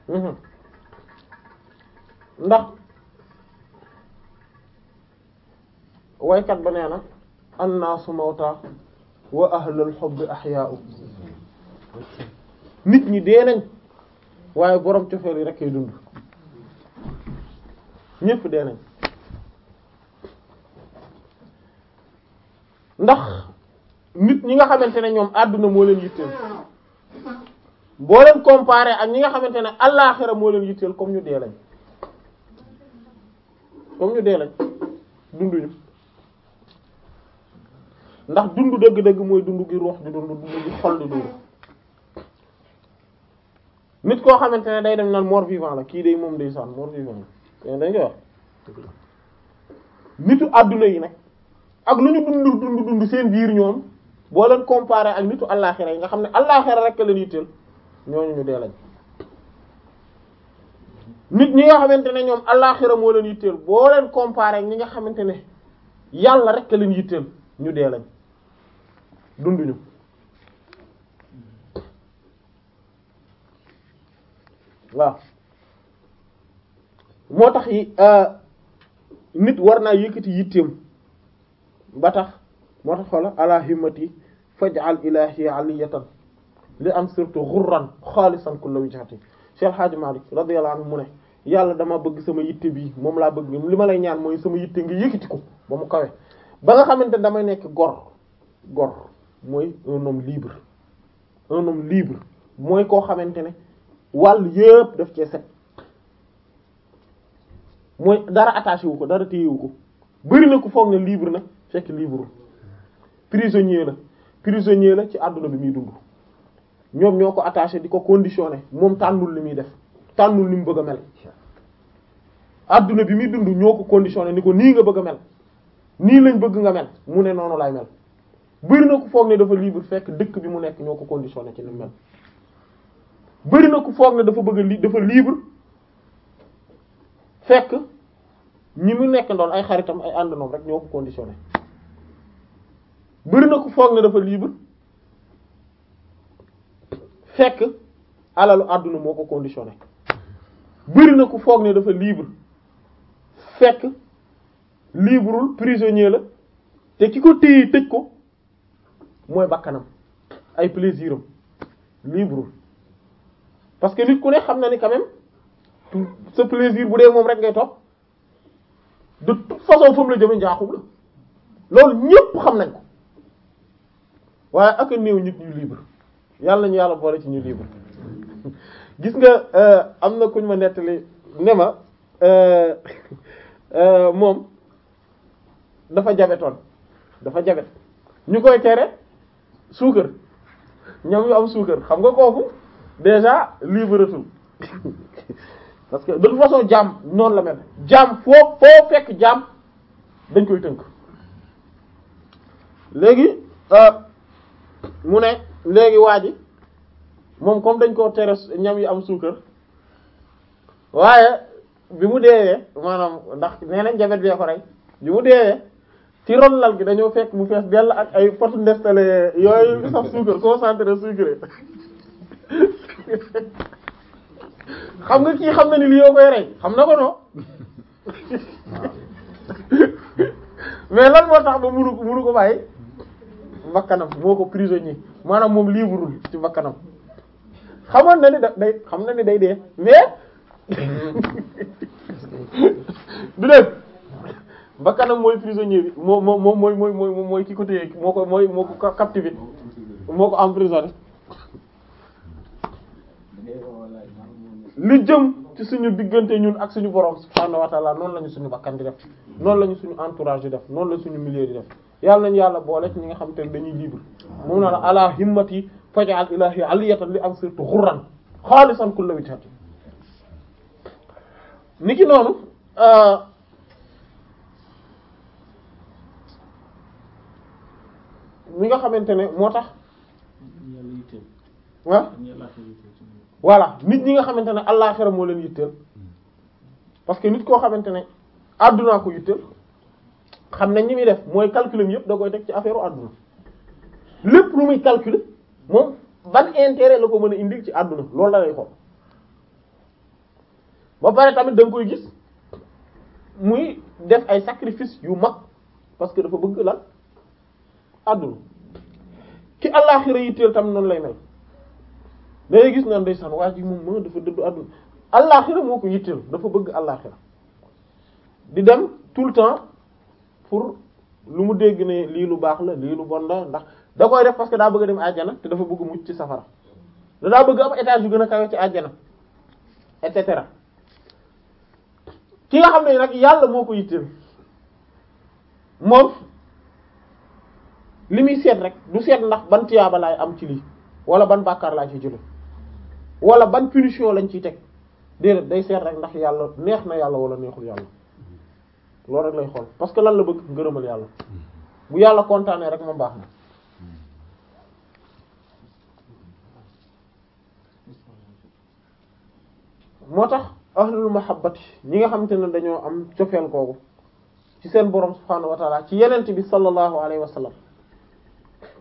mhm. ndax waykat ba nee na annaasu mawta wa ahlul hubbi ahyaa'u nit ñi dee nañ waaye borom cofeel yi rek ay dund ñëpp dee ndax nit ñi nga xamante ne ñoom àdduna moo leen yitteel boo leen comparé ak ñi nga xamante ne allaaxira moo leen yitteel comme ñu dee lañ comme ñu dee lañ dunduñu ndax dund dëgg-dëgg mooy dund gi wax di dund dund gi xol di dund nit koo xamante ne day dem naan mort vivant la kii day moom day saan mort la dañ koy wax nitu nag ak lu ñu dund seen biir ñoom boo leen comparé ak nitu àllaaxira yi nga xam ne àllaaxira rek leen yitteel ñooñu ñu dee lañ nit ñi nga xamante ne ñoom àllaaxira moo leen yitteel boo leen comparé ñi nga xamante ne yàlla rek leen yitteel ñu dee lañ dunduñu waaw moo tax euh, nit war naa yëkkati yitteem ba tax moo tax xoola ala himmati faj'al ilahi aliyatan li am surtout ghurran xaalisan kullu wajhati Cheikh Hadji Malick radiyallahu anhu mu ne yàlla dama bëgg sama yitte bi moom laa bëgg li ma lay ñaan mooy sama yitte ngi yëkkati ko ba mu kawe ba nga xamante damay nekk gor gor mooy un homme libre un homme libre mooy koo xamante ne wàll yëpp def cee set mooy dara attaché wu ko dara téyewu ko bari na ku foog ne libre na fekk libre prisonnier la prisonnier la ci àdduna bi muy dund ñoom ñoo ko attaché di ko conditionné moom tànnul li muy def tànnul ni mu bëgg a mel àdduna bi muy dund ñoo ko conditionné ni ko nii nga bëgg a mel nii lañ bëgg nga mel mu ne noonu lay mel bëri na ku foog ne dafa libre fekk dëkk bi mu nekk ñoo ko conditionné ci li mel bëri na ku foog ne dafa bëgg li dafa libre fekk ñi mu ay xaritam ay àndandoom rek ñoo ko conditionné bëri na ku foog ne dafa libre fekk alalu àdduna moo ko conditionné bëri na ku foog ne dafa libre fekk libreul prisonnier la te ki ko téye tëj ko mooy bakkanam ay plaisir am libre parce que nit ku ne xam na ni quand même sa plaisir bu dee moom rek ngay topp de façon foofu la jëme njaaxum la loolu ñépp xam nañ ko waaye ak néew nit ñu libre yàlla ñu yàlla boole ci ñu libre gis nga euh, am na kuñ ma nettali ne ma euh, euh, moom dafa jabetoon dafa jabet ñu koy tere suukar ñoom yu am suukar xam nga kooku déjà libératul parce que de toute façon jaam noonu la mel jaam foo foo fekk jaam dañ koy tënk léegi euh, mu ne léegi waa ji moom comme dañ koo tere ñam yu am suukar waaye bi mu deewee maanaam ndax nee nañ jabet bee rek bi mu deewee ci ron lal gi dañoo fekk mu fees dell ak ay pot ndestale yooyu sax suukar concentré sucré xam nga kii xam na ni li yoo koy rey xam na ko non mais lan moo tax ba munu munu ko bàyyi bakkanam moo ko prisonnier maanaam moom liibrul ci bakkanam xamoon na ni day xam na ni day dee mais du def bakkanam mooy prisonnier bi moo moo moom mooy mooy mooy mooy ki ko téye moo ko mooy moo ko captivé moo ko emprisonné lu jëm ci suñu diggante ñun ak suñu borom subhaanahu wa ta'ala noonu lañu suñu bakkan di def noonu lañu suñu entourage di def noonu la suñu milieu di def yàlla nañu yàlla boole ci ñi nga xam te ne dañuy libre moom naa la ala himmati faj'al ilahi aliyatan li am surtout xurran xaalisan kulla wajhati niki noonu euh, mi nga xamante ne moo tax ah voilà nit ñi nga xamante ne allaaxira moo leen yitteel parce que nit koo xamante ne àddunaa ko yitteel xam nañ ni muy def mooy calculam yëpp da koy teg ci affaire u àdduna lépp lu muy calculer moom ban intérêt la ko mën a indil ci àdduna loolu la lay xool ba pare tamit da koy gis muy def ay sacrifice yu mag parce que dafa bëgg lan àdduna ki àllaaxira yitteel tam noonu lay mel dangay gis naan day san waa ji moom ma ah dafa dëddu àdduna àllaaxira moo ko yitteel dafa bëgg àllaaxira di dem tout le temps pour lu mu dégg ne lii lu baax la lii lu bon la ndax da koy def parce que daa bëgg a dem àjjana te dafa bëgg mucc ci safara da daa bëgg am étage yu gën a kawe ci àjjana et cetera ki nga xam ne nag yàlla moo ko yitteel moom li muy seet rek du seet ndax ban tiyaaba laay am ci lii wala ban bàkkaar laa ci jële wala ban punition lañ ciy teg déedéet day seet rek ndax yàlla neex na yàlla wala neexul yàlla loolu rek lay xool parce que lan la bëgg ngërëmal yàlla bu yàlla kontaanee rek moom baax na moo tax ahlul mahabbati ñi nga xamante ne dañoo am cofeel kooku ci seen borom subhaanahu wa taala ci yenent bi sallallahu alayhi wa sallam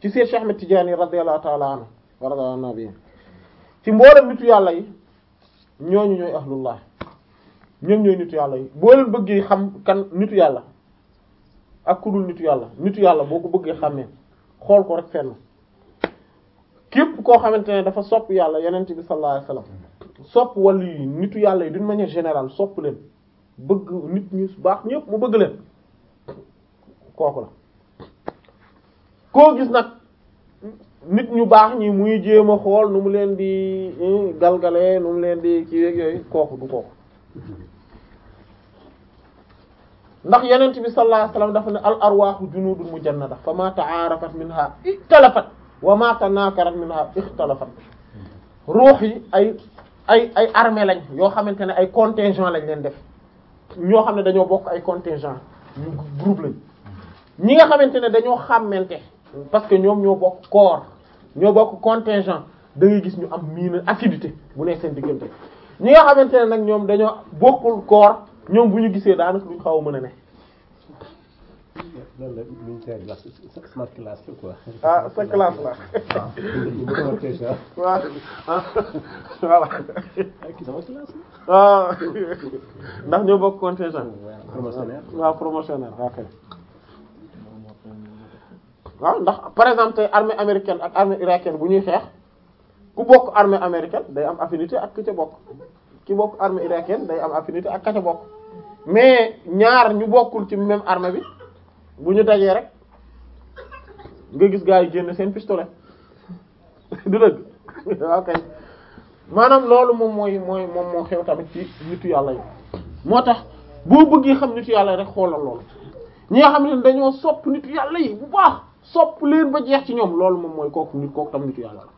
ci Seex Ahmed Tijaani radiyallahu ta'ala anhu wa radiyallahu nabi ci mboolem nitu yàlla yi ñooñu ñooy ahlullah ñoom ñooy nitu yàlla yi boo leen bëggee xam kan nitu yàlla ak ku dul nitu yàlla nitu yàlla boo ko bëggee ne xool ko rek fenn képp koo xamante ne dafa sopp yàlla yonent bi sallallahu alayhi wasallam sopp wàllu yi nitu yàlla yi d'une manière sopp leen bëgg nit ñu baax ñëpp mu bëgg leen kooku la koo gis nag nit ñu baax ñi muy jéem a xool nu mu leen di eh, galgalee nu mu leen di ci yeeg yooyu kooku du kooku ndax yenent bi sallallahu alayhi wasallam dafa ne al arwaaxu junudun mujannada fa ma ta'arafat minha ikhtalafat wa ma tanakarat minha ikhtalafat ruux yi ay ay ay armée lañ yoo xamante ne ay contingent lañ leen def ñoo xam ne dañoo bokk ay contingent xamante dañoo xàmmante parce que ñoom ñoo bokk corps ñoo bokk contingent da ngay gis ñu am miin affinité bu nekk seen diggante ñi nga xamante ne nag ñoom dañoo bokkul corps ñoom bu ñu gisee daanaka duñ xaw a mën a ne. loolu la militaire la sama classe quoi. ah sa classe ah. Ah. Ah, ndax ñoo bokk contingent. waaw promotionnaire waaw promotionnaire waaw ndax par exemple tey armée américaine ak armée irakienne bu ñuy xeex ku bokk armée américaine day am affinité ak ki bokk ki bokk armée irakienne day am affinité ak ka ca bokk mais ñaar ñu bokkul ci même armée bi bu ñu dajee rek nga gis gaa yi génn seen pistolet du dëgg waaw maanaam loolu moom mooy mooy moom moo xew tamit ci nitu yàlla yi moo tax boo bëggee xam nitu yàlla rek xoolal loolu ñi xam ne dañoo sopp nitu yàlla yi bu baax sopp leen ba jeex ci ñoom loolu moom mooy kook nit kooku tam nitu yàlla la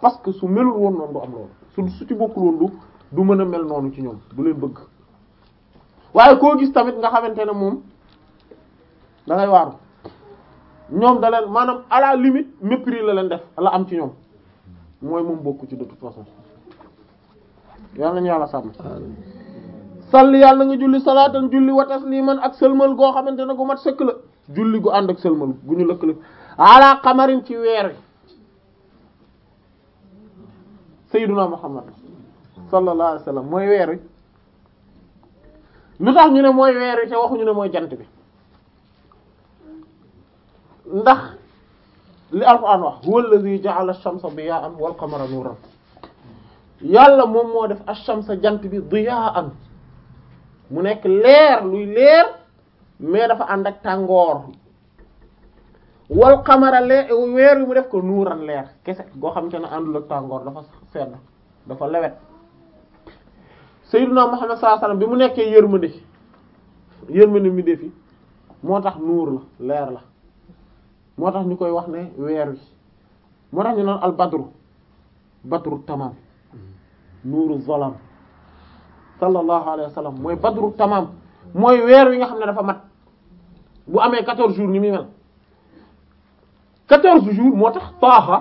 parce que su melul woon noonu du am loolu su su ci bokkul woon du mën a mel noonu ci ñoom du leen bëgg waaye koo gis tamit nga xamante ne moom dangay ngay waaru ñoom da leen maanaam à la limite mépris la leen def la am ci ñoom mooy moom bokku ci de toute façon yàlla nañu yàlla sàmm salli yàlla nga julli salaatan julli wa tasliman ak sëlmal goo xamante ne gu mat sëkk la julli gu ànd ak sëlmal gu ñu lëkkale ala xamarin ci weer wi sayyiduna muhammad sallallahu alayhi wasallam mooy weer wi lu tax ñu ne mooy weer wi te waxuñu ne mooy jant bi ndax li alquran wax huwa alladhi ja'ala ash-shamsa diya'an wal qamara nuran yàlla moom moo def ash-shamsa jant bi diya'an mu nekk leer luy leer mais dafa ànd ak tàngoor wal xamara lee weer wi mu def ko nuuran leer kese goo xam te ne àndul ak tàngoor dafa sedd dafa lewet sayyiduna Muhammad sallallahu alayhi wasallam bi mu nekkee yërmande yërmande mi defi moo tax nuur la leer la moo tax ñu koy wax ne weer wi moo tax ñu naan al badru badru tamam nuuru zolam sallallahu alayhi wasallam mooy badru tamam mooy weer wi nga xam ne dafa mat bu amee 14 jours ni muy mel 14 jours moo tax taaha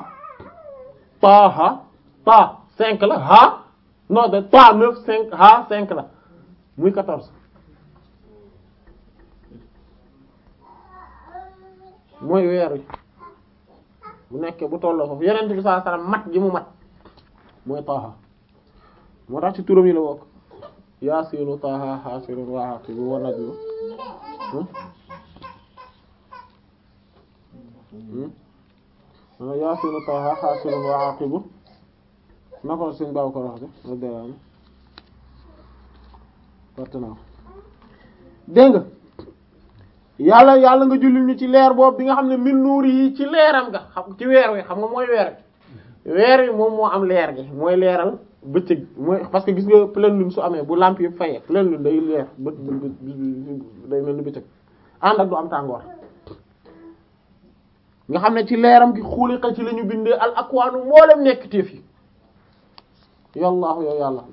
taaha ta 5 la ha non de ta 9 5 ha 5 la muy 14 mooy weer wi bu nekkee bu tolloo foofu yeneen bi sallallahu alayhi wasallam mat gi mu mat mooy taaha moo tax ci turam la bokk. yaasiinu taaha haasirun hmm? hmm? waaqibu wa najmu yaasiinu taaha haasirun waaqibu nako sëñ baaw ko wax de radiyallahu partenaa dégg nga yàlla yàlla nga julli ci leer boobu bi nga xam ne min nuur yi ci leeram nga xam ci weer wi xam nga mooy weer weer wi moom moo am leer gi mooy leeral bëccëg mooy parce que gis nga pleine lune su amee bu lampe yëpp fayee pleine lune day leer bët day mel ni bëccëg ànd ak du am tàngoor nga xam ne ci leeram gi xuliqa ci la ñu bindee al akwaanu mboolem nekk téef yi yàlla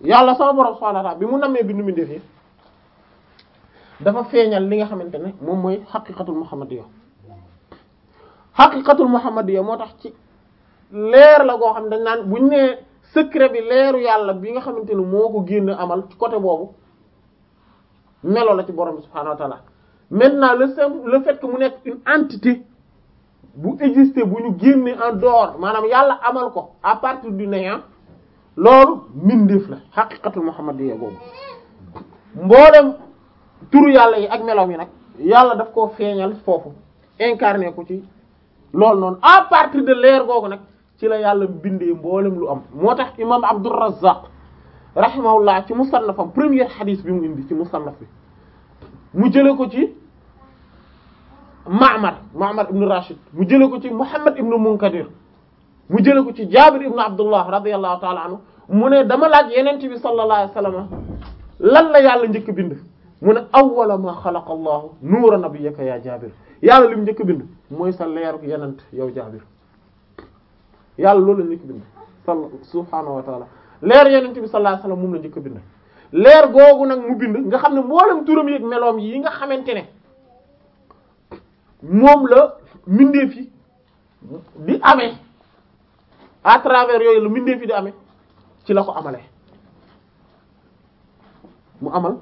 yàlla sama borom subhaanahu bi mu nammee bindu mbindeef yi dafa feeñal li nga xamante ne moom mooy xaqiqatul muhammadiyya xaqiqatul muhammadiyya moo tax ci leer la goo xam ne dañ naan buñ nee secret bi leeru yàlla bi nga xamante ni moo ko génn amal ci côté boobu melo la ci borom bi subhaanahu wa ta'ala maintenant le simple le fait que mu nekk une entité bu exister bu ñu génne en door maanaam yàlla amal ko à partir du néant loolu mbindeef la xaqiqatul muhammadiyya boobu mboolem turu yàlla yi ak meloom yi nag yàlla daf koo feeñal foofu incarné ko ci loolu noonu à partir de leer googu nag ci la yàlla bindee mboolem lu am moo tax imaam Abdur Razzaq rahimahullah ci mu musannafam premier hadith bi mu indi ci musannaf bi mu jële ko ci Ma'mar Ma'mar ibn Rashid mu jële ko ci Muhammad ibn mu jële ko ci Jaabir ibn Abdullah radiyallahu ta'ala anhu mu ne dama laaj yenent bi sallallahu alayhi wasallam lan la yàlla njëkk bind mu ne awwala ma xalaqa Allahu nuura nabiyyika yaa Jaabir yàlla li mu njëkk bind mooy sa leeru yenent yow Jaabir yàlla loolu la njëkk bind sall subhaanahu wa taala leer yenente bi sallallahu alayhi moom la njëkk bind leer googu nag mu bind nga xam ne mboolem turam yi ak meloom yi nga xamante ne moom la mbindeef yi di amee à travers yooyu la mbindeef yi di ame ci la ko amalee mu amal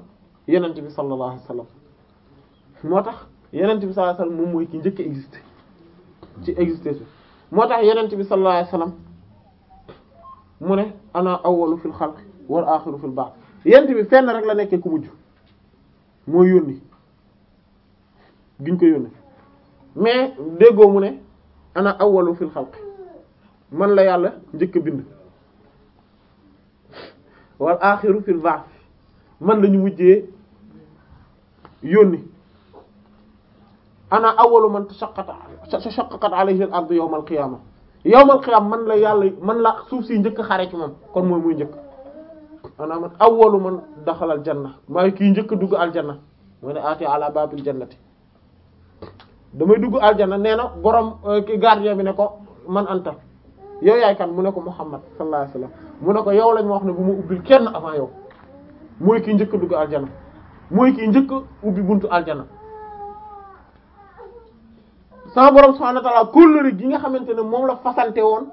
yenent bi sallallahu alayhi moo tax yenent bi sallallahu alayhi moom mooy ki njëkk a exister moo tax yenent bi sallallahu alayhi mu ne ana awwalu fil xalq wal axiru fil ba'th yenent bi fenn rek la nekkee ku mujj moo yónni giñ ko yónni mais déggoo mu ne ana awwalu fil xalq man la yàlla njëkk a bind wal axiru fil ba'th man lañu ñu mujjee yónni ana awwalu man tashaqqaqat alayhi al-ardu yawm al-qiyama yawm al-qiyama man la yàlla man la suuf si njëkk xare ci kon mooy muy njëkk ana man awwalu man daxala janna maay kii njëkk dugg aljanna mooy ne aati babil jannati damay dugg nee na borom euh, ki gardien bi ne ko man anta yow yaay kan mu ne ko Muhammad sallallahu alayhi wasallam mu ne ko yow lañ ma wax ne bu ma ubbil kenn avant yow mooy kii njëkk dugg aljana mooy kii njëkk ubbi buntu aljana sama borom subhanahu wa ta'ala kóllëre gi nga xamante ne moom la fasante woon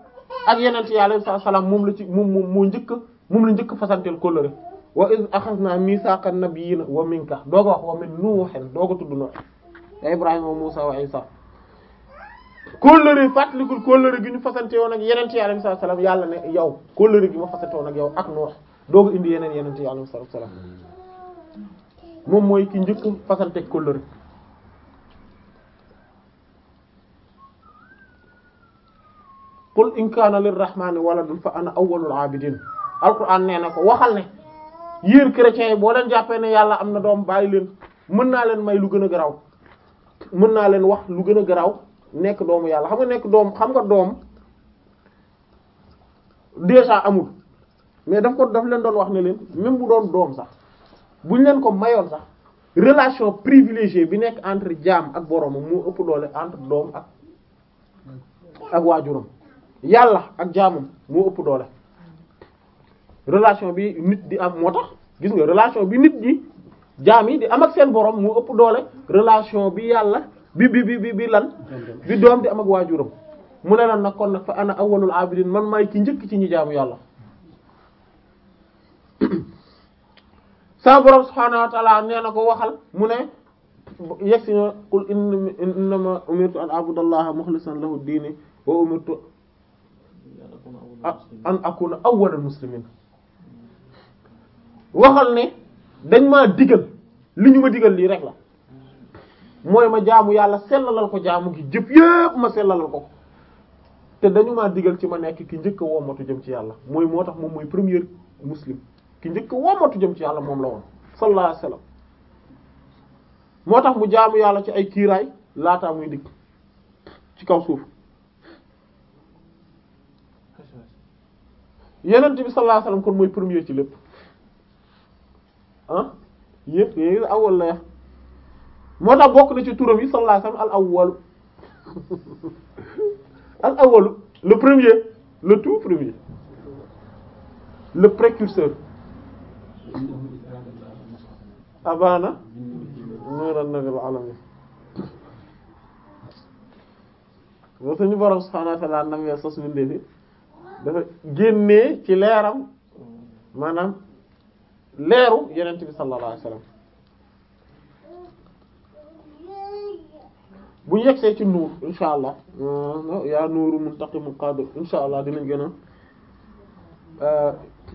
ak yeneen ci yàlla salaam moom la ci moom moom njëkk moom la njëkk fasanteel kóllëre wa iz akhadna mithaqa nabiyina wa minka dooga wax wa min nuuhin dooga tudd Nuuh ya Ibrahima wa Muusa wa Isa kóllëre ñu fasante woon ak yeneen ci yàlla yàlla yow kóllëre gi ma fasante woon yow ak Nuuh dooga indi yeneen yeneen ci mooy ki njëkk fasante kóllëre qul in kaana lirrahmani waladun fa ana awwalul abidin alquran nee na ko waxal ne yéen chrétiens yi boo leen jàppee ne yàlla am na doom bàyyi leen mën naa leen may lu gën a garaaw mën naa leen wax lu gën a garaaw nekk doomu yàlla xam nga nekk doomu xam nga doom déjà amul mais daf ko daf leen doon wax na leen même bu doon doom sax buñ leen ko mayoon sax relation privilégiée bi nekk entre jaam ak boromam moo ëpp doole entre doom ak ak waajuram yàlla ak jaamam mu ëpp doole relation bi nit di am moo tax gis nga relation bi nit di jaam yi di am ak seen borom moo ëpp doole relation bi yàlla bi bi bi lan bi doom di am ak waajuram mu ne lan nag kon nag fa ana awwalul abidin man maay ci njëkk ci ñi jaamu yàlla sa borom subhaanahu wa ta'ala na ko waxal mu ne yegg si na qul innama umirtu an abudallaha mukhlisan lahu diini wa umirtu an akuna awwalal muslimin waxal ne dañ maa digal li ñu ma digal lii rek la mooy ma jaamu yàlla sellalal ko jaamu gi jëpp yépp ma sellalal ko te dañu maa digal ci ma nekk ki njëkk a wommatu jëm ci yàlla mooy moo tax moom mooy premier muslim ki njëkk a jëm ci yàlla moom la woon sallallahu alayhi moo tax mu jaamu yàlla ci ay kiiraay laataa muy dikk ci kaw suuf yenent bi sallallahu alayhi wasallam kon mooy premier ci lépp ah yëpp yéen awal la moo tax bokk na ci turam yi sallallahu alayhi al awwalu al awwalu le premier le tout premier le précurseur abana nuuran nabil alamin wa suñu borom subhanahu wa ta'ala nam ya sos mindee fi dafa génnee ci leeram maanaam leeru yenent bi sallallahu alayhi bu ñu yegsee ci nuur insha allah euh, yaa nuuru muntaqimu qadir insha allah dinañ gën a euh,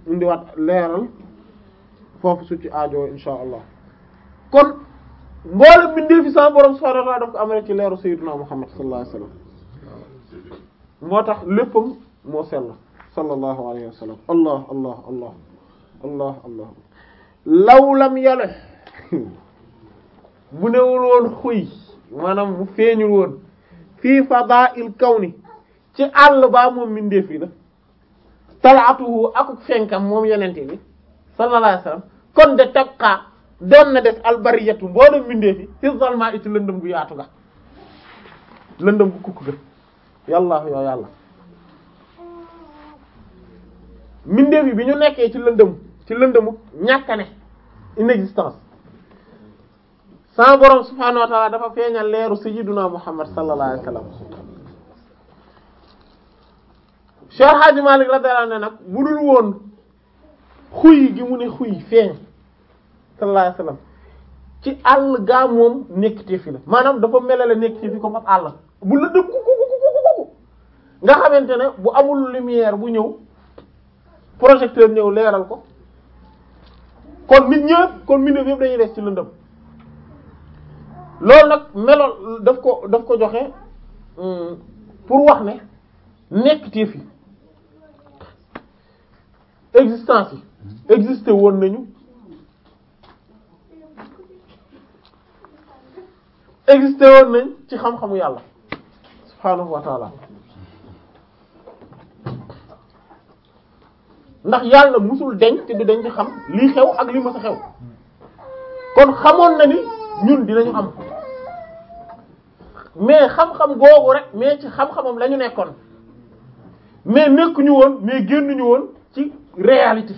indiwaat leeral foofu su ci aajo insha allah kon mboolem bindee fi sa borom subhanahu wa ta'ala daf ko amee ci leeru sayyidina muhammad sallallahu alayhi wasallam moo tax léppam moo sell sallallahu alayhi wa law lam yale bu newul woon xuy maanaam bu feeñu woon fii fadaa'il kawni ci àll baa moom mindeef la talaatuhu akuk fenkam moom yenente bi sallallahu alayhi wa kon de tabqa doon na des albariyatu mboolem mindeef yi fi zalma it ci lëndëm gu yaatu ga lëndëm gu kukk ga yàlla yoo yàlla mbindeef yi bi ñu nekkee ci lëndëm ci lëndëmu ñàkkane inexistence sama borom subhaanahu wa ta'ala dafa feeñal leeru sayyiduna Muhammad sallallahu alayhi wa sallam Cheikh Hadji Malick nag bu dul woon xuy gi mu ne xuy feeñ sallallahu alayhi ci àll gaa moom nekkitee fi la maanaam dafa melale nekkitee fi ko fab àll bu la dëkk ku ku ku ku ku nga xamante ne bu amul lumière bu ñëw projecteur ñëw leeral ko kon nit ñëpp kon mbindeef yëpp dañuy des ci lëndëm loolu nag meloon daf ko daf ko joxe hmm, pour wax ne nekk téef yi existence yi existé woon nañu existé woon nañ ci xam-xamu yàlla subhaanahu wa ndax yàlla musul denc te du denc xam lii xew ak li ma a xew kon xamoon na ni ñun dinañu am mais xam-xam googu rek mais ci xam-xamam la nekkoon mais nekkuñu woon mais génnuñu woon ci réalité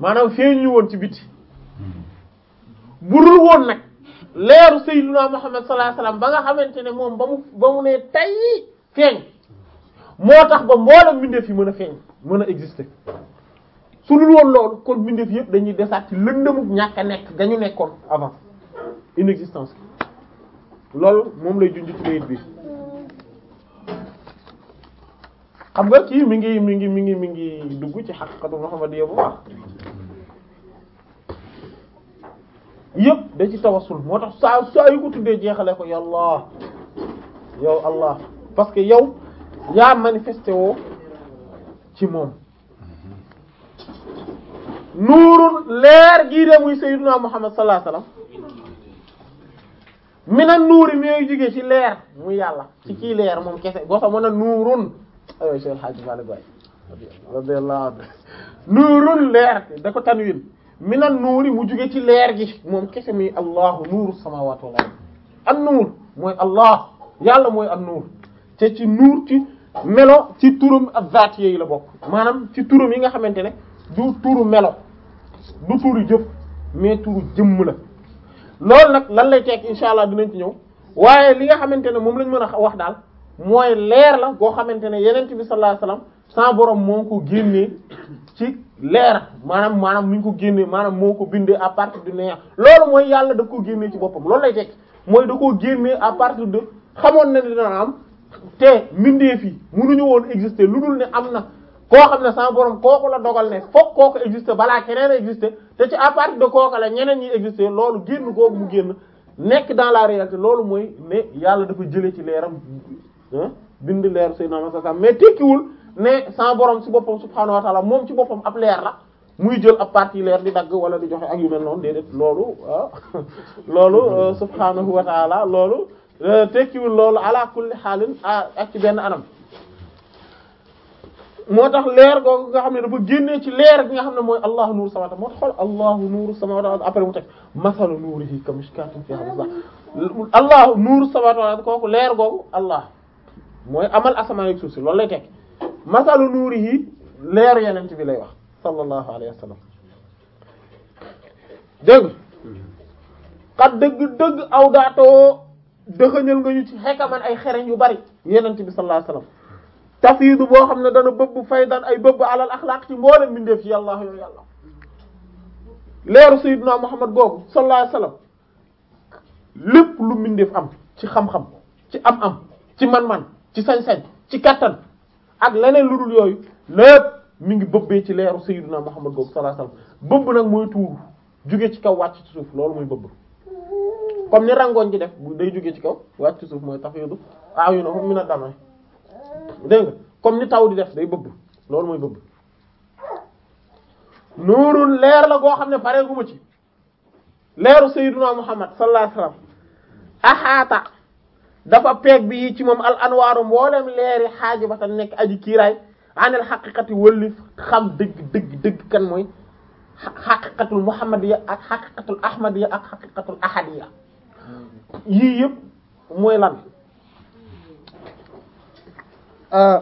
maanaam feeñuñu woon ci biti bu dul woon nag leeru sayyiduna Muhammad sallallahu alayhi wasallam ba nga xamante ne moom ba mu ba mu ne tey feeñ. moo tax ba mboolem mbindeef yi mën a feeñ mën a exister su dul woon kon mbindeef yëpp dañuy desaat ci lëndëmug ñàkk nekk ga ñu nekkoon avant inexistence loolu moom lay junj ci bi xam nga kii mi ngi mi ngi mi ngi mi ngi dugg ci xaqiqatu muhammadiyya bu baax yëpp da ci tawassul moo tax saa saa yu ko tuddee jeexale ko yàlla yow allah parce que yow yaa manifesté woo ci moom nuurul leer gii de muy sayyiduna Muhammad sallallahu alayhi wasallam minan nuuri mi jóge ci leer mu yàlla ci kii leer moom kese boo xam ne nuurun aywa Cheikh Hadji Malick Baye radiyallahu anhu nuurun leer da ko tanwin minan nuuri mu jóge ci leer gi moom kese muy allahu nuuru samawati wal ard an nuur mooy allah yàlla mooy an nuur te ci nuur ci melo ci turam ak zaat yi la bokk maanaam ci turam yi nga xamante ne du turu melo du turu jëf mais turu jëmm la loolu nag lan lay tekk insha allah dinañ ci ñëw waaye li nga xamante ne moom lañ mën a wax daal mooy leer la goo xamante ne yenent bi sallallahu alayhi wasallam sans borom moo ko génnee ci leer maanaam maanaam mu ngi ko génnee maanaam moo ko bindee à partir de néant loolu mooy yàlla daf ko génnee ci boppam loolu lay tekk mooy da koo génnee à partir de xamoon na ne dana te fii yi mënuñu woon exister lu dul ne am na koo xam ne sama borom kooku la dogal ne fokk kooku exister balaa keneen a exister te ci à partir de kooku la ñeneen ñi exister loolu génn kooku mu génn nekk dans la réalité loolu mooy ne yàlla dafa jëlee ci leeram bind leer Seydina Muhammad sallallahu alayhi mais tekkiwul ne sama borom si boppam subhaanahu wa ta'ala moom ci boppam ab leer la muy jël ab partie leer di dagg wala di joxe ak yu mel noonu déedéet loolu ah, loolu euh, subhaanahu wa ta'ala Euh, tekkiwul loolu ala kulli xaalin ah, ak ci benn anam moo tax leer googu nga xam ne dafa génnee ci leer gi nga xam ne mooy allahu nuuru samawati moo tax xool allahu nuuru samawati après mu teg masalu nuurihi kamishkatin fiha misbah allahu nuuru samawati kooku leer googu allah mooy amal asama ak suuf si loolu lay teg masalu leer yeneen bi lay wax sallallahu alayhi wa sallam dégg xat dëgg dëgg dëxëñal nga ñu ci xekaman ay xereñ yu bari yenent bi sallallahu alayhi wasallam tafiidu boo xam ne dana bëbb faydan ay bëbb alal axlaaq ci mboolem mbindeef ci yàlla yooyu yàlla leeru sayyidina muhammad googu sallallahu alayhi lépp lu mbindeef am ci xam-xam ci am-am ci man-man ci sañ-sañ ci kàttan ak leneen lu dul yooyu lépp mi ngi bëbbee ci leeru sayyidina muhammad googu sallallahu alayhi wasallam bëbb nag mooy tuuru jóge ci kaw wàcc ci suuf loolu mooy bëbb comme ni rangoon ji def day jógee ci kaw wàcc ci suuf mooy tax yoodu aw ah, yu na xom mi damay dégg comme ni taw di def day bëbb loolu mooy bëbb nuurul leer la goo xam ne pare gu ma ci leeru sayyiduna muhammad sallallahu alayhi wasallam axaata dafa peeg bi yi ci moom al anwaaru mboolem leeri xaaju ba ta nekk aji kiiraay anel xaqiqati wëlli xam dëgg dëgg kan mooy xaqiqatul muhammadiya ak xaqiqatul ahmadiya ak xaqiqatul ahadiya yii yëpp mooy lan euh,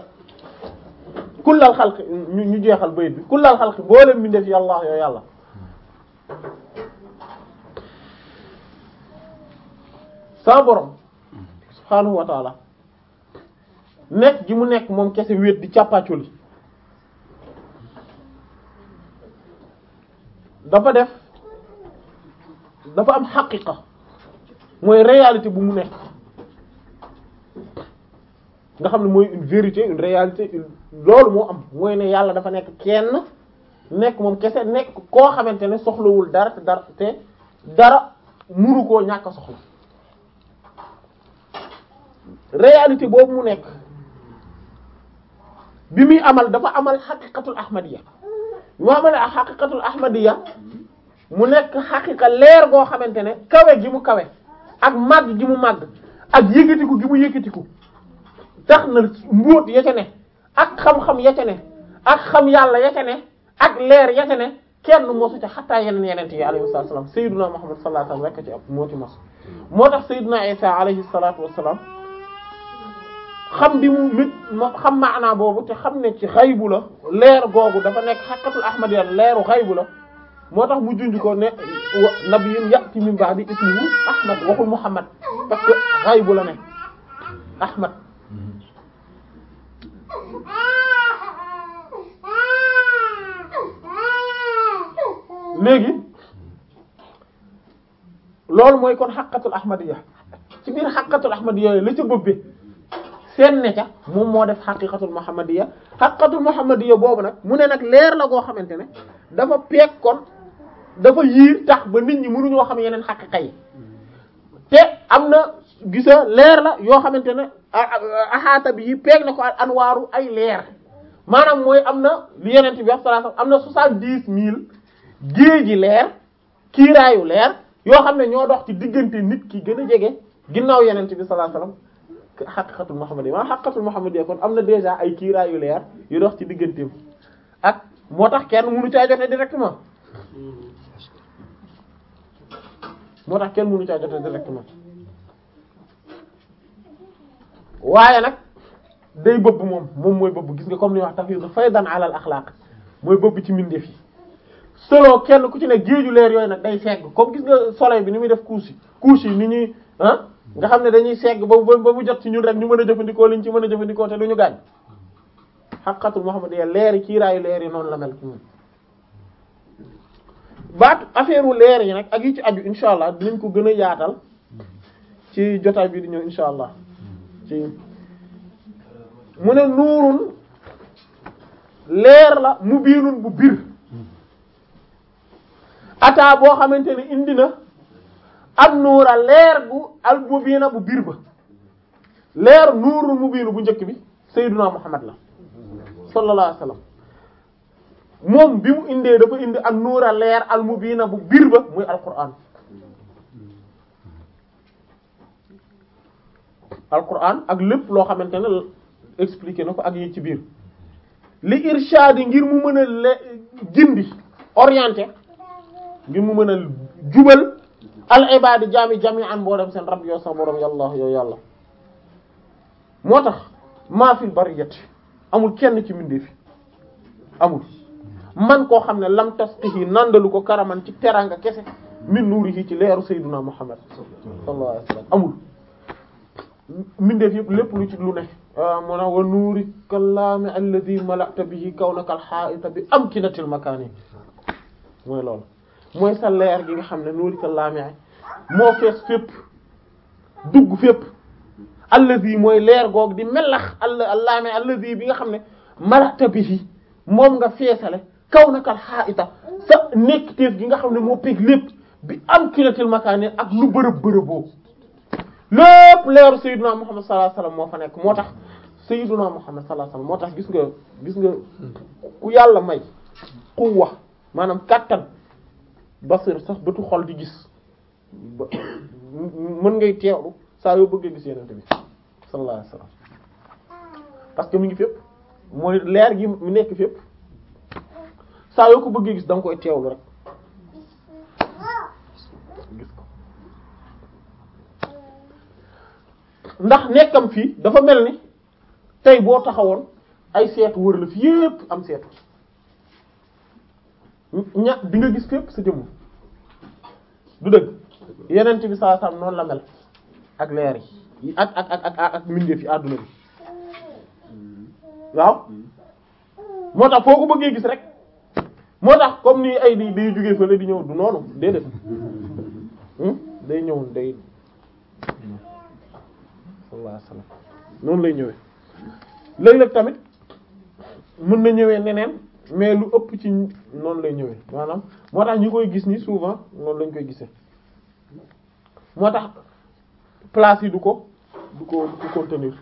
kullal xalqi ñu jeexal bayit bi kullal xalqi boole mi def yàlla yoo yàlla sa borom subhaanahu wa taala nekk ji mu nekk moom kese wéet di càppaacoli dafa def dafa am xaqiqa mooy réalité bu mu nekk nga xam ne mooy une vérité une réalité loolu moo am mooy ne yàlla dafa nekk kenn nekk moom kese nekk koo xamante ne soxlawul dara te dara te dara muru koo ñàkk soxla réalité boobu mu nekk bi muy amal dafa amal xaqiqatul ahmadiya bi mu amal xaqiqatul ahmadiya mu nekk xaqiqa leer goo xamante ne kawe gi mu kawe ak màgg gi mu màgg ak yëkkatiku gi mu yëkkatiku tax na mbóot ya ne ak xam-xam ya ca ne ak xam yàlla ya ne ak leer ya ca ne kenn mosu ca xattaa yeneen yeneen yi alayhi salaatu wasalaam sayyiduna Muhammad sallallahu alayhi wasallam rek ci moo ci mos moo tax sayyiduna Isa alayhi salaatu wasalaam xam bi mu mit xam maanaa boobu te xam ne ci xaybu leer googu dafa nekk xaqatul ahmadiyan leeru xaybu la moo tax mu junj ne nabiyyun ya'ti min ba'di ismuhu Ahmad waxul Muhammad parce que ghaib la ne Ahmad léegi loolu mooy kon xaqatul ahmadiyya ci biir xaqatul ahmadiyya yooyu la ci bopp bi seen ne moom moo def xaqiqatul muhammadiyya xaqiqatul muhammadiyya boobu nag mu ne nag leer la goo xamante ne dafa peeg kon dafa yiir tax ba nit ñi ñoo xam yeneen xaqiqa yi te am na gisa leer la yoo xamante ne axaata bi yi peeg na ko ak ay leer maanaam mooy am na li yeneen bi wax sallallahu am na soixante-dix mille géeji leer kiiraayu leer yoo xam ne ñoo dox ci diggante nit ki gën a jege ginnaaw yeneen ti bi sallallahu alayhi wasallam xaqiqatul muhammadiyya maanaam xaqiqatul muhammadiyya kon am na déjà ay kiiraayu leer yu dox ci digganteem ak moo tax kenn mënu caa jotee directement moo tax kenn mënu caa jotee directement waaye nag day bëbb moom moom mooy bëbb gis nga comme ni wax tafwiid faydan ala al axlaaq mooy bëbb ci mbindeef yi selon kenn ku ci ne géeju leer yooyu nag day segg comme gis nga soleil bi ni muy def couche yi yi ni ñuy ah nga xam ne dañuy segg ba ba bu jot ci ñun rek ñu mën a jëfandikoo liñ ci mën a jëfandikoo te du ñu gaañ xaqatul muhammadiyya leer yi kiiraayu leer yi noonu la mel ci ñun baat affaire u leer yi nag ak yi ci aju insha allah dinañ ko gën a yaatal ci jotaay bi di ñëw insha allah ci mu ne nuurun leer la mu biinun bu biir ataa boo xamante ne indi na am nuura leer bu al biina bu bir ba leer nuurun mu biinu bu njëkk bi sayyiduna muhammad la sallallahu alayhi moom bi mu indee dafa indi ak nuura leer al mubiina bu biir ba muy alquran alquran ak lépp loo xamante ne expliqué na ko ak yi ci biir
li irshaadi
ngir mu mën a le gindi orienté ngir mu mën a jubal al ibaadi jaami jami'an boo dem seen rab yoo sa borom yàlla yoo yàlla moo tax maa bari bariyati amul kenn ci mbindeef amul man koo xam ne lam tastihi nandalu ko karaman ci teranga kese min nuurihi ci leeru sayyiduna muhammad amul mindeef yëpp lépp lu ci lu ne ah, mu ne wa nuuri kallaami alladhi mala'ta bi amkinatil makaani mooy loolu mooy xam ne nuuri kallaami moo fees fépp dugg fépp alladhi mooy leer goog di melax allaami alladhi bi nga xam ne mala'ta bihi moom nga feesale kaw na kat xaayita sa nekkiteef gi nga xam ne moo peeg lépp bi am kilatil makaane ak lu bërëb bërëboo lépp leeru sayyiduna Muhammad sallallahu alayhi wasallam moo fa nekk moo tax sayyiduna Muhammad sallallahu alayhi wasallam moo tax gis nga gis nga ku yàlla may quwwa maanaam kàttan basir sax bëtu xol di gis mën ngay teewlu saa yoo bëggee gis yeneen bi sallallahu que mu ngi fépp mooy leer gi mu nekk fépp saa yoo ko bëggee gis danga nga koy teewlu rek gis ko ndax nekkam fii dafa mel ni tey boo taxawoon ay seetu wër la fi yépp am seetu ña di nga gis fépp sa jëmm du dëgg yenent bi saa sam noonu la mel ak leer yi ak ak ak ak ak mbindeef yi àdduna bi mm-hmm. waaw mm-hmm. moo tax foo ko bëggee gis rek moo tax comme ni ay di day jógee fële di ñëw du noonu déedéet hmm? day ñëw day sallallahu alayhi wasallam noonu lay ñëwee léeg-léeg tamit mun na ñëwee neneen mais lu ëpp ci noonu lay ñëwee maanaam moo tax ñu koy gis ni souvent noonu lañ koy gisee moo tax place yi du ko du ko du ko contenir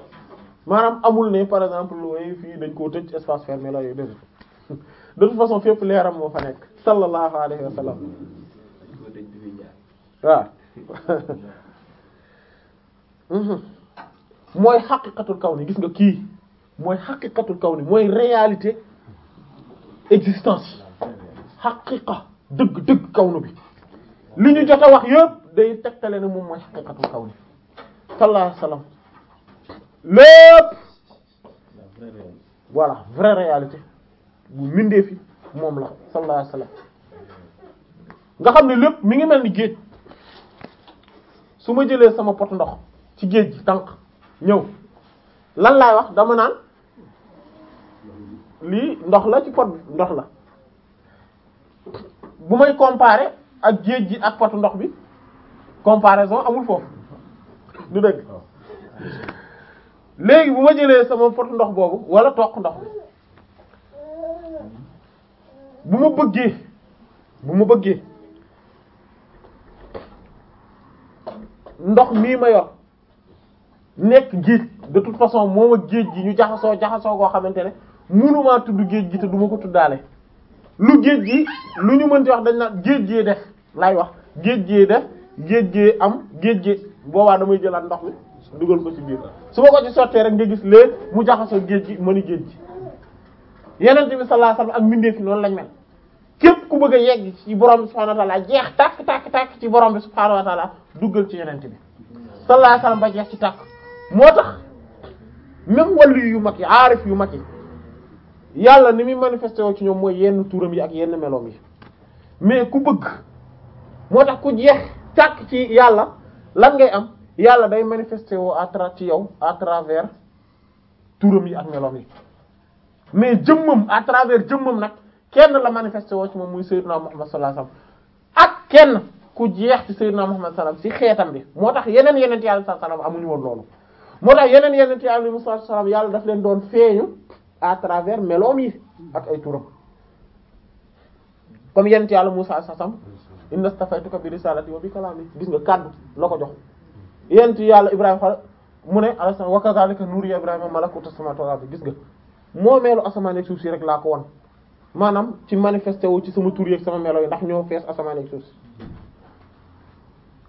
maanaam amul ne par exemple way eh, fii dañ koo tëj espace fermé la yooyu de toute façon fépp leeram moo fa nekk sallallahu alayhi wa sallam waaw mhm. mooy xaqiqatul kaw ni gis nga kii mooy xaqiqatul kaw ni mooy réalité existence xaqiqa dëgg dëgg kaw nu bi li ñu jot a wax yëpp day tegtale ne moom mooy xaqiqatul kaw ni sallallahu alayhi wa sallam lépp voilà bu mbindee fi moom la sallallahu alayhi nga xam ne lépp mi ngi mel ni géej su ma jëlee sama pot ndox ci géej gi tànk ñëw lan laay wax dama naan lii ndox la ci pot bi ndox la bu may comparer ak géej gi ak pot ndox bi comparaison amul foofu du dëgg oh. léegi bu ma jëlee sama pot ndox boobu wala toq ndox bi bu ma bëggee bu ma bëggee ndox mii ma yor nekk géej de toute façon moom ak géej gi ñu jaxasoo jaxasoo koo xamante ne mënumaa tudd géej gi te du ma ko tuddaale lu géej gi lu ñu mënti wax dañ naan géej gee def laay wax géej gee def géej gee am géej gee boobaa damay jëlaat ndox mi dugal ko ci biir su ma ko ci sottee rek nga gis léegi mu jaxasoo géej gi mëni géej gi yenent bi sallallahu alayhi ak mbindeef yi noonu lañ mel képp ku bëgg a yegg ci borom bi subhanahu wa ta'ala jeex tàkk tàkk tàkk ci borom bi subhanahu wa duggal ci yenent bi sallallahu alayhi ba jeex ci tàkk moo tax même wàllu yu mag yi aarif yu mag yi yàlla ni muy manifesté woo ci ñoom mooy yenn turam yi ak yenn meloom yi mais ku bëgg moo tax ku jeex tàkk ci yàlla lan ngay am yàlla day manifesté woo à travers ci yow à travers turam yi ak meloom yi mais jëmmam à travers jëmmam nag kenn la manifesté woo ci moom muy Seydina Muhammad sallallahu alayhi ak kenn ku jeex ci Seydina Muhammad sallallahu alayhi xeetam bi moo tax yeneen yeneen yàlla sallallahu alayhi wasallam amuñu woon loolu moo tax yeneen yeneen yàlla sallallahu alayhi wasallam yàlla daf leen doon feeñu à travers meloom yi ak ay turam comme yeneen yàlla Musaa sasam inna stafaytuka bi risalati wa bi kalami gis nga kaddu la ko jox yeneen yàlla Ibrahima mu ne alayhi wa kadhalika nuriya Ibrahima malakuta samawati wal ardi gis nga moo asamaan ak suuf si rek laa ko won maanaam ci manifesté wu ci sama tur yeeg sama melo yi ndax ñoo fees asamaan ak suuf si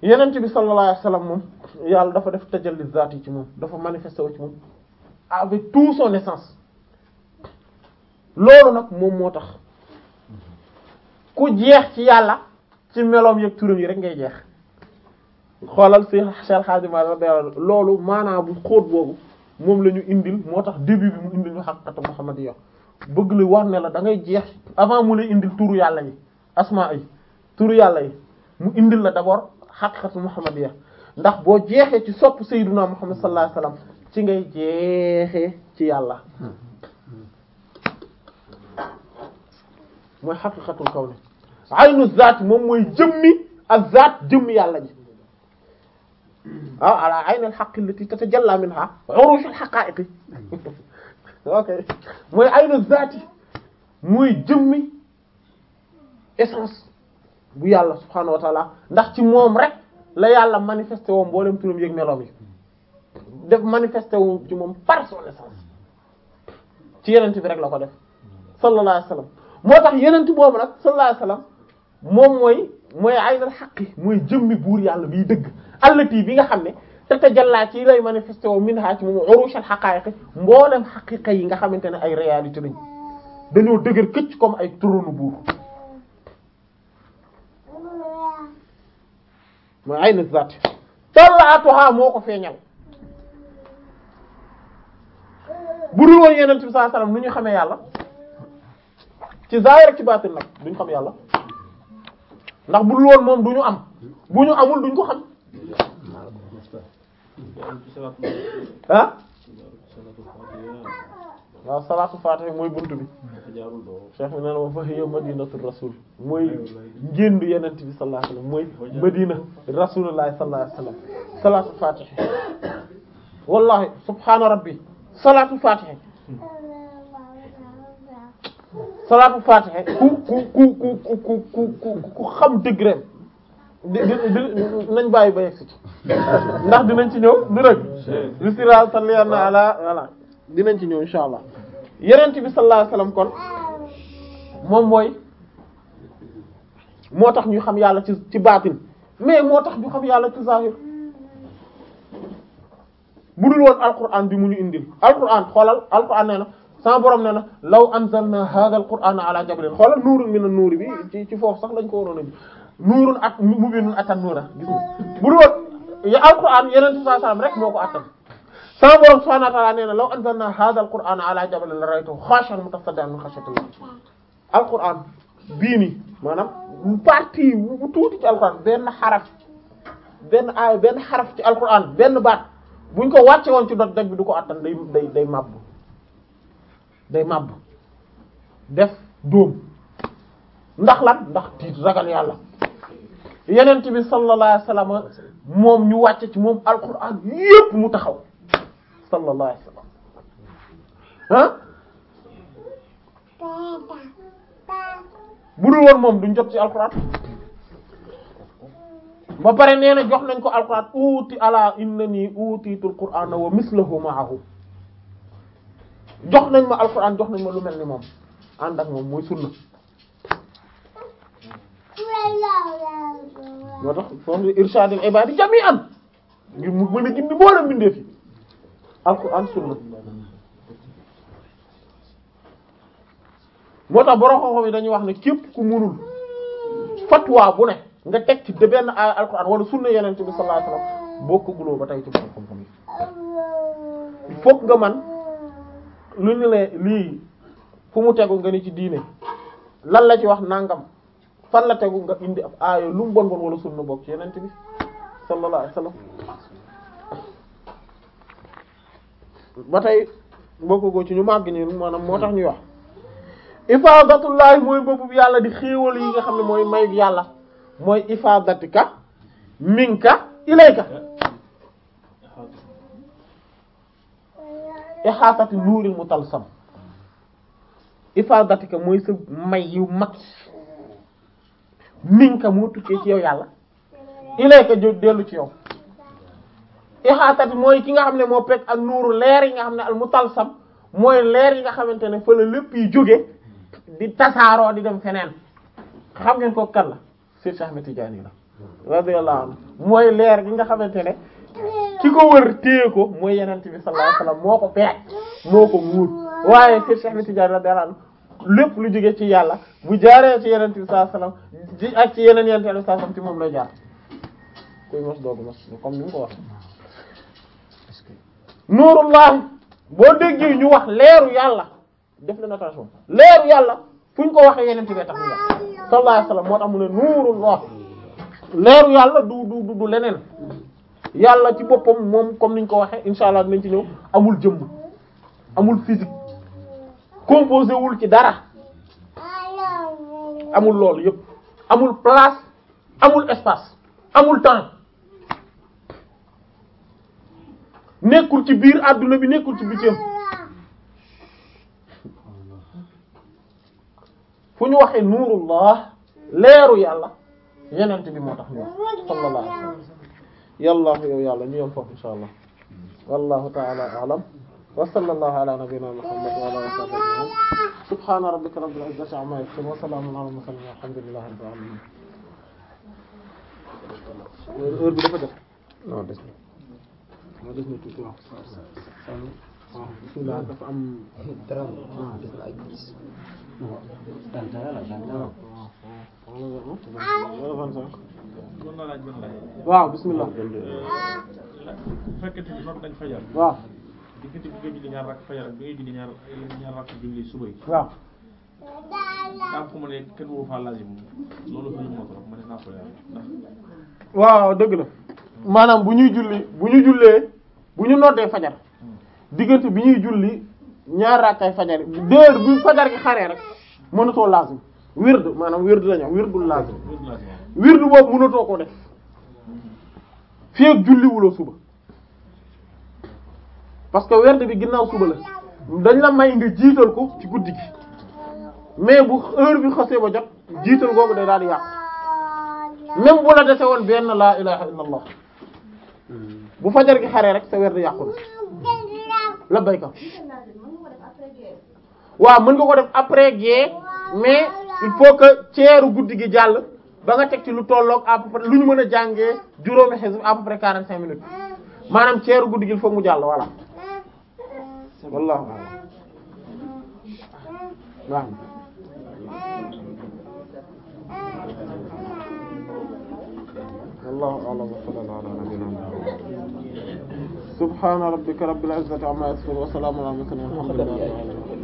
yenent bi sallallahu alayhi wasallam moom yàlla dafa def tajalli zaat yi ci moom dafa manifesté wu ci moom avec tout son essence loolu nag moom moo tax ku jeex ci yàlla ci meloom yëg turam yi rek ngay jeex xoolal si Cheikh Xadim loolu maanaam bu xóot boobu moom la ñu indil moo tax début bi mu indil ñu xaqiiqatu muhammadiyya bëgg la wax ne la da ngay jeex avant mu lay indil turu yàlla yi asmaa yi turu yàlla yi mu indil la d'abord xaqiiqatu muhammadiyya ndax boo jeexee ci sopp sayyiduna muhammad sallallahu alayhi wasallam ci ngay jeexee ci yàlla mooy xaqiiqatul kawni aynu zaat moom mooy jëmmi ak zaat jëmmi yàlla ji Mm-hmm. ah ala ayna al-haqq allati tatajalla minha urush al-haqa'iq ok mooy aynu zaati essence bu yàlla subhaanahu wa ndax ci moom rek la yàlla manifesté woom mboolem turam yëg meloom def manifesté wu ci moom par son essence ci yenent bi rek la ko def sallallahu alayhi wasallam moo tax yenent boobu nag sallallahu alayhi wasallam moom mooy mooy aynal xaqi mooy jëmmi buur yàlla biy dëgg allati bi nga xam ne tatajalla ci lay manifesté wu min ha ci moom urushal haqa'iq mboolem haqiqa yi nga xamante ne ay réalité lañ dañoo dëgër këcc comme ay trône buur mooy ay na zaat tallaatuha moo ko feeñal bu dul woon yeneen bi sallallahu alayhi wasallam nu ñu xamee yàlla ci zaahir ak ci baatin nag duñu xam yàlla ndax bu dul woon moom du ñu am bu ñu amul duñ ko xam ah waaw salaatu faatiha mooy buntu bi cheikh bi nee na ma fa hiya madinatu rasul mooy njëndu yenent bi sallallahu alayhi wasallam mooy madina rasulullah sallallahu alayhi wasallam salaatu faatiha wallahi subhaana rabbi salaatu faatiha salaatu faatiha ku ku ku ku ku ku ku xam dëgg di di nañ bàyyi ba yegg si ci ndax dinañ ci ñëw du rek listira sallian na ala voilà dinañ ci ñëw insha allah ci bi sallallahu alayhi kon moom mooy moo tax ñu xam yàlla ci ci baatin mais moo tax ñu xam yàlla ci zahir bu dul woon alquran bi mu ñu indil alquran xoolal alquran nee na sama borom nee na law anzalna hadha alquran ala jabalin xoolal nuurun min an-nuuri bi ci ci foofu sax lañ ko waroon a nuurun at mubinun atan nuura bu dul woon alquran yeneen saa rek moo ko attan. sama borom subhanahu wa ta'ala nee na law anzalna hadha alquran ala jabalin la ra'aytahu khashi'an mutasaddian min khashyatillah alquran bii nii maanaam partie bu tuuti ci alquran benn xaraf benn baat buñ ko wàcce woon ci doj doj bi du ko attan day day day màbb def dóom ndax lan ragal yàlla yenent bi sallallahu alayhi wasallam moom ñu wàcce ci moom alquran yépp mu taxaw sallallahu alayhi wasallam bu dul woon moom duñ jot ci alquran ba pare nee na jox nañ ko alquran uuti ala innani uutiitul qur'ana wa mislahu ma'ahu jox nañ ma alquran jox nañ ma lu mel ni moom ànd ak moom mooy sunna moo tax foofu irshadil ibadi jami'an ngir mu mën a gindi mboolem mbindeef yi alquran sunna moo tax borom xam-xam yi dañuy wax ne képp ku munul fatwa bu ne nga teg ci de benn alquran wala sunna yeneen bi sallallahu alayhi wasallam bokkaguloo ba tey ci borom nga man lu ñu ne lii fu mu tegu nga ni ci diine lan la ci wax nangam fan la tegu nga indi ab aaya lu mu bon bon wala sunna bokk ci yenent bi sallallahu alayhi wasallam ba tey bokkugoo ci ñu màgg ñi maanaam moo tax ñuy wax ifaadatullahi mooy boppu yàlla di xéewal yi nga xam ne mooy mayu yàlla mooy ifaadatika minka ilayka ihaatati nuuril mutalsam ifaadatika mooy sa may yu mag ka moo ke ci yow yàlla ilayka jo dellu ci yow ixaatati mooy ki nga xam ne moo peg ak nuuru leer yi nga xam ne al mutalsam mooy leer yi nga xamante ne fa la lépp yi jóge di tasaaroo di dem feneen xam ngeen ko kan la sax mi Tijaani la radiyallahu anhu mooy leer gi nga xamante ne ki ko wër téye ko mooy yenente bi sallallahu moo ko peeg moo ko muur waaye Seex Ahmed Tijaani radiyallahu anhu lépp lu jóge ci yàlla bu jaaree ci yeneen bi sallallahu alayhi wasallam ci ak ci yeneen yeneen bi sallallahu alayhi ci moom lay jaar kuy mos doogu ko wax boo déggee ñu wax leeru yàlla def leen attention leeru yàlla fu ñu ko waxee yeneen bi tax ñu wax sallallahu alayhi moo tax mu ne nuurullah leeru yàlla du du du leneen yàlla ci boppam moom comme ni ñu ko waxee allah dinañ ci ñëw amul jëmm composé wul ci dara amul loolu yëpp amul place amul espace amul temps nekkul ci biir àdduna bi nekkul ci bitim fu ñu waxee nuurullah leeru yàlla yenent bi moo tax ñu wax sallallahu alayhi wa sallam yàlla yow yàlla ñu yom foofu allah wa sallallahu ala nabiyyina muhammad wa ala alihi wa sahbihi subhana rabbika rabbil izzati amma yasifun wa salamun ala mursalin walhamdulillahi rabbil alamin heure bi dafa def non des na moo des na tuuti waaw waaw bismillah dafa am dara waaw ah, des na ay gis tantara la tantara ah,
waaw bismillah bu
fekkee noonu dañ fajar waaw diggante bi nga julli waaw. waaw dëgg la maanaam bu ñuy julli bu ñu jullee bu ñu noddee fajar hmm. diggante bi ñuy julli ñaar rakkay fajar yi déer bu fajar gi xaree rek mënatoo lazim wird maanaam wird lañu wirdul lazim wird boobu mënatoo ko def hmm. fii julli wuloo suba. parce que werd bi ginnaaw suba la dañ la may ngi jiital ko ci guddi gi mais bu heure bi xasee ba jot jiital googu day daal di yàqu même bu la dese woon benn laa ilaha illallah bu fajar gi xaree rek sa werd yàqu na la baykat waaw mën nga ko def après gée mais il faut que ceeru guddi gi jàll ba nga teg ci lu tolloog à peu lu ñu mën a jàngee juróomi xisib à peu près 45 minutes maanaam ceeru guddi gi foog mu jàll voilà. wallahu a'lam wallahu a'lam wa sallallahu ala nabiyyina Muhammad subhana rabbika rabbil izzati amma yasifun wa salamun ala al mursalin walhamdulillahi rabbil alamin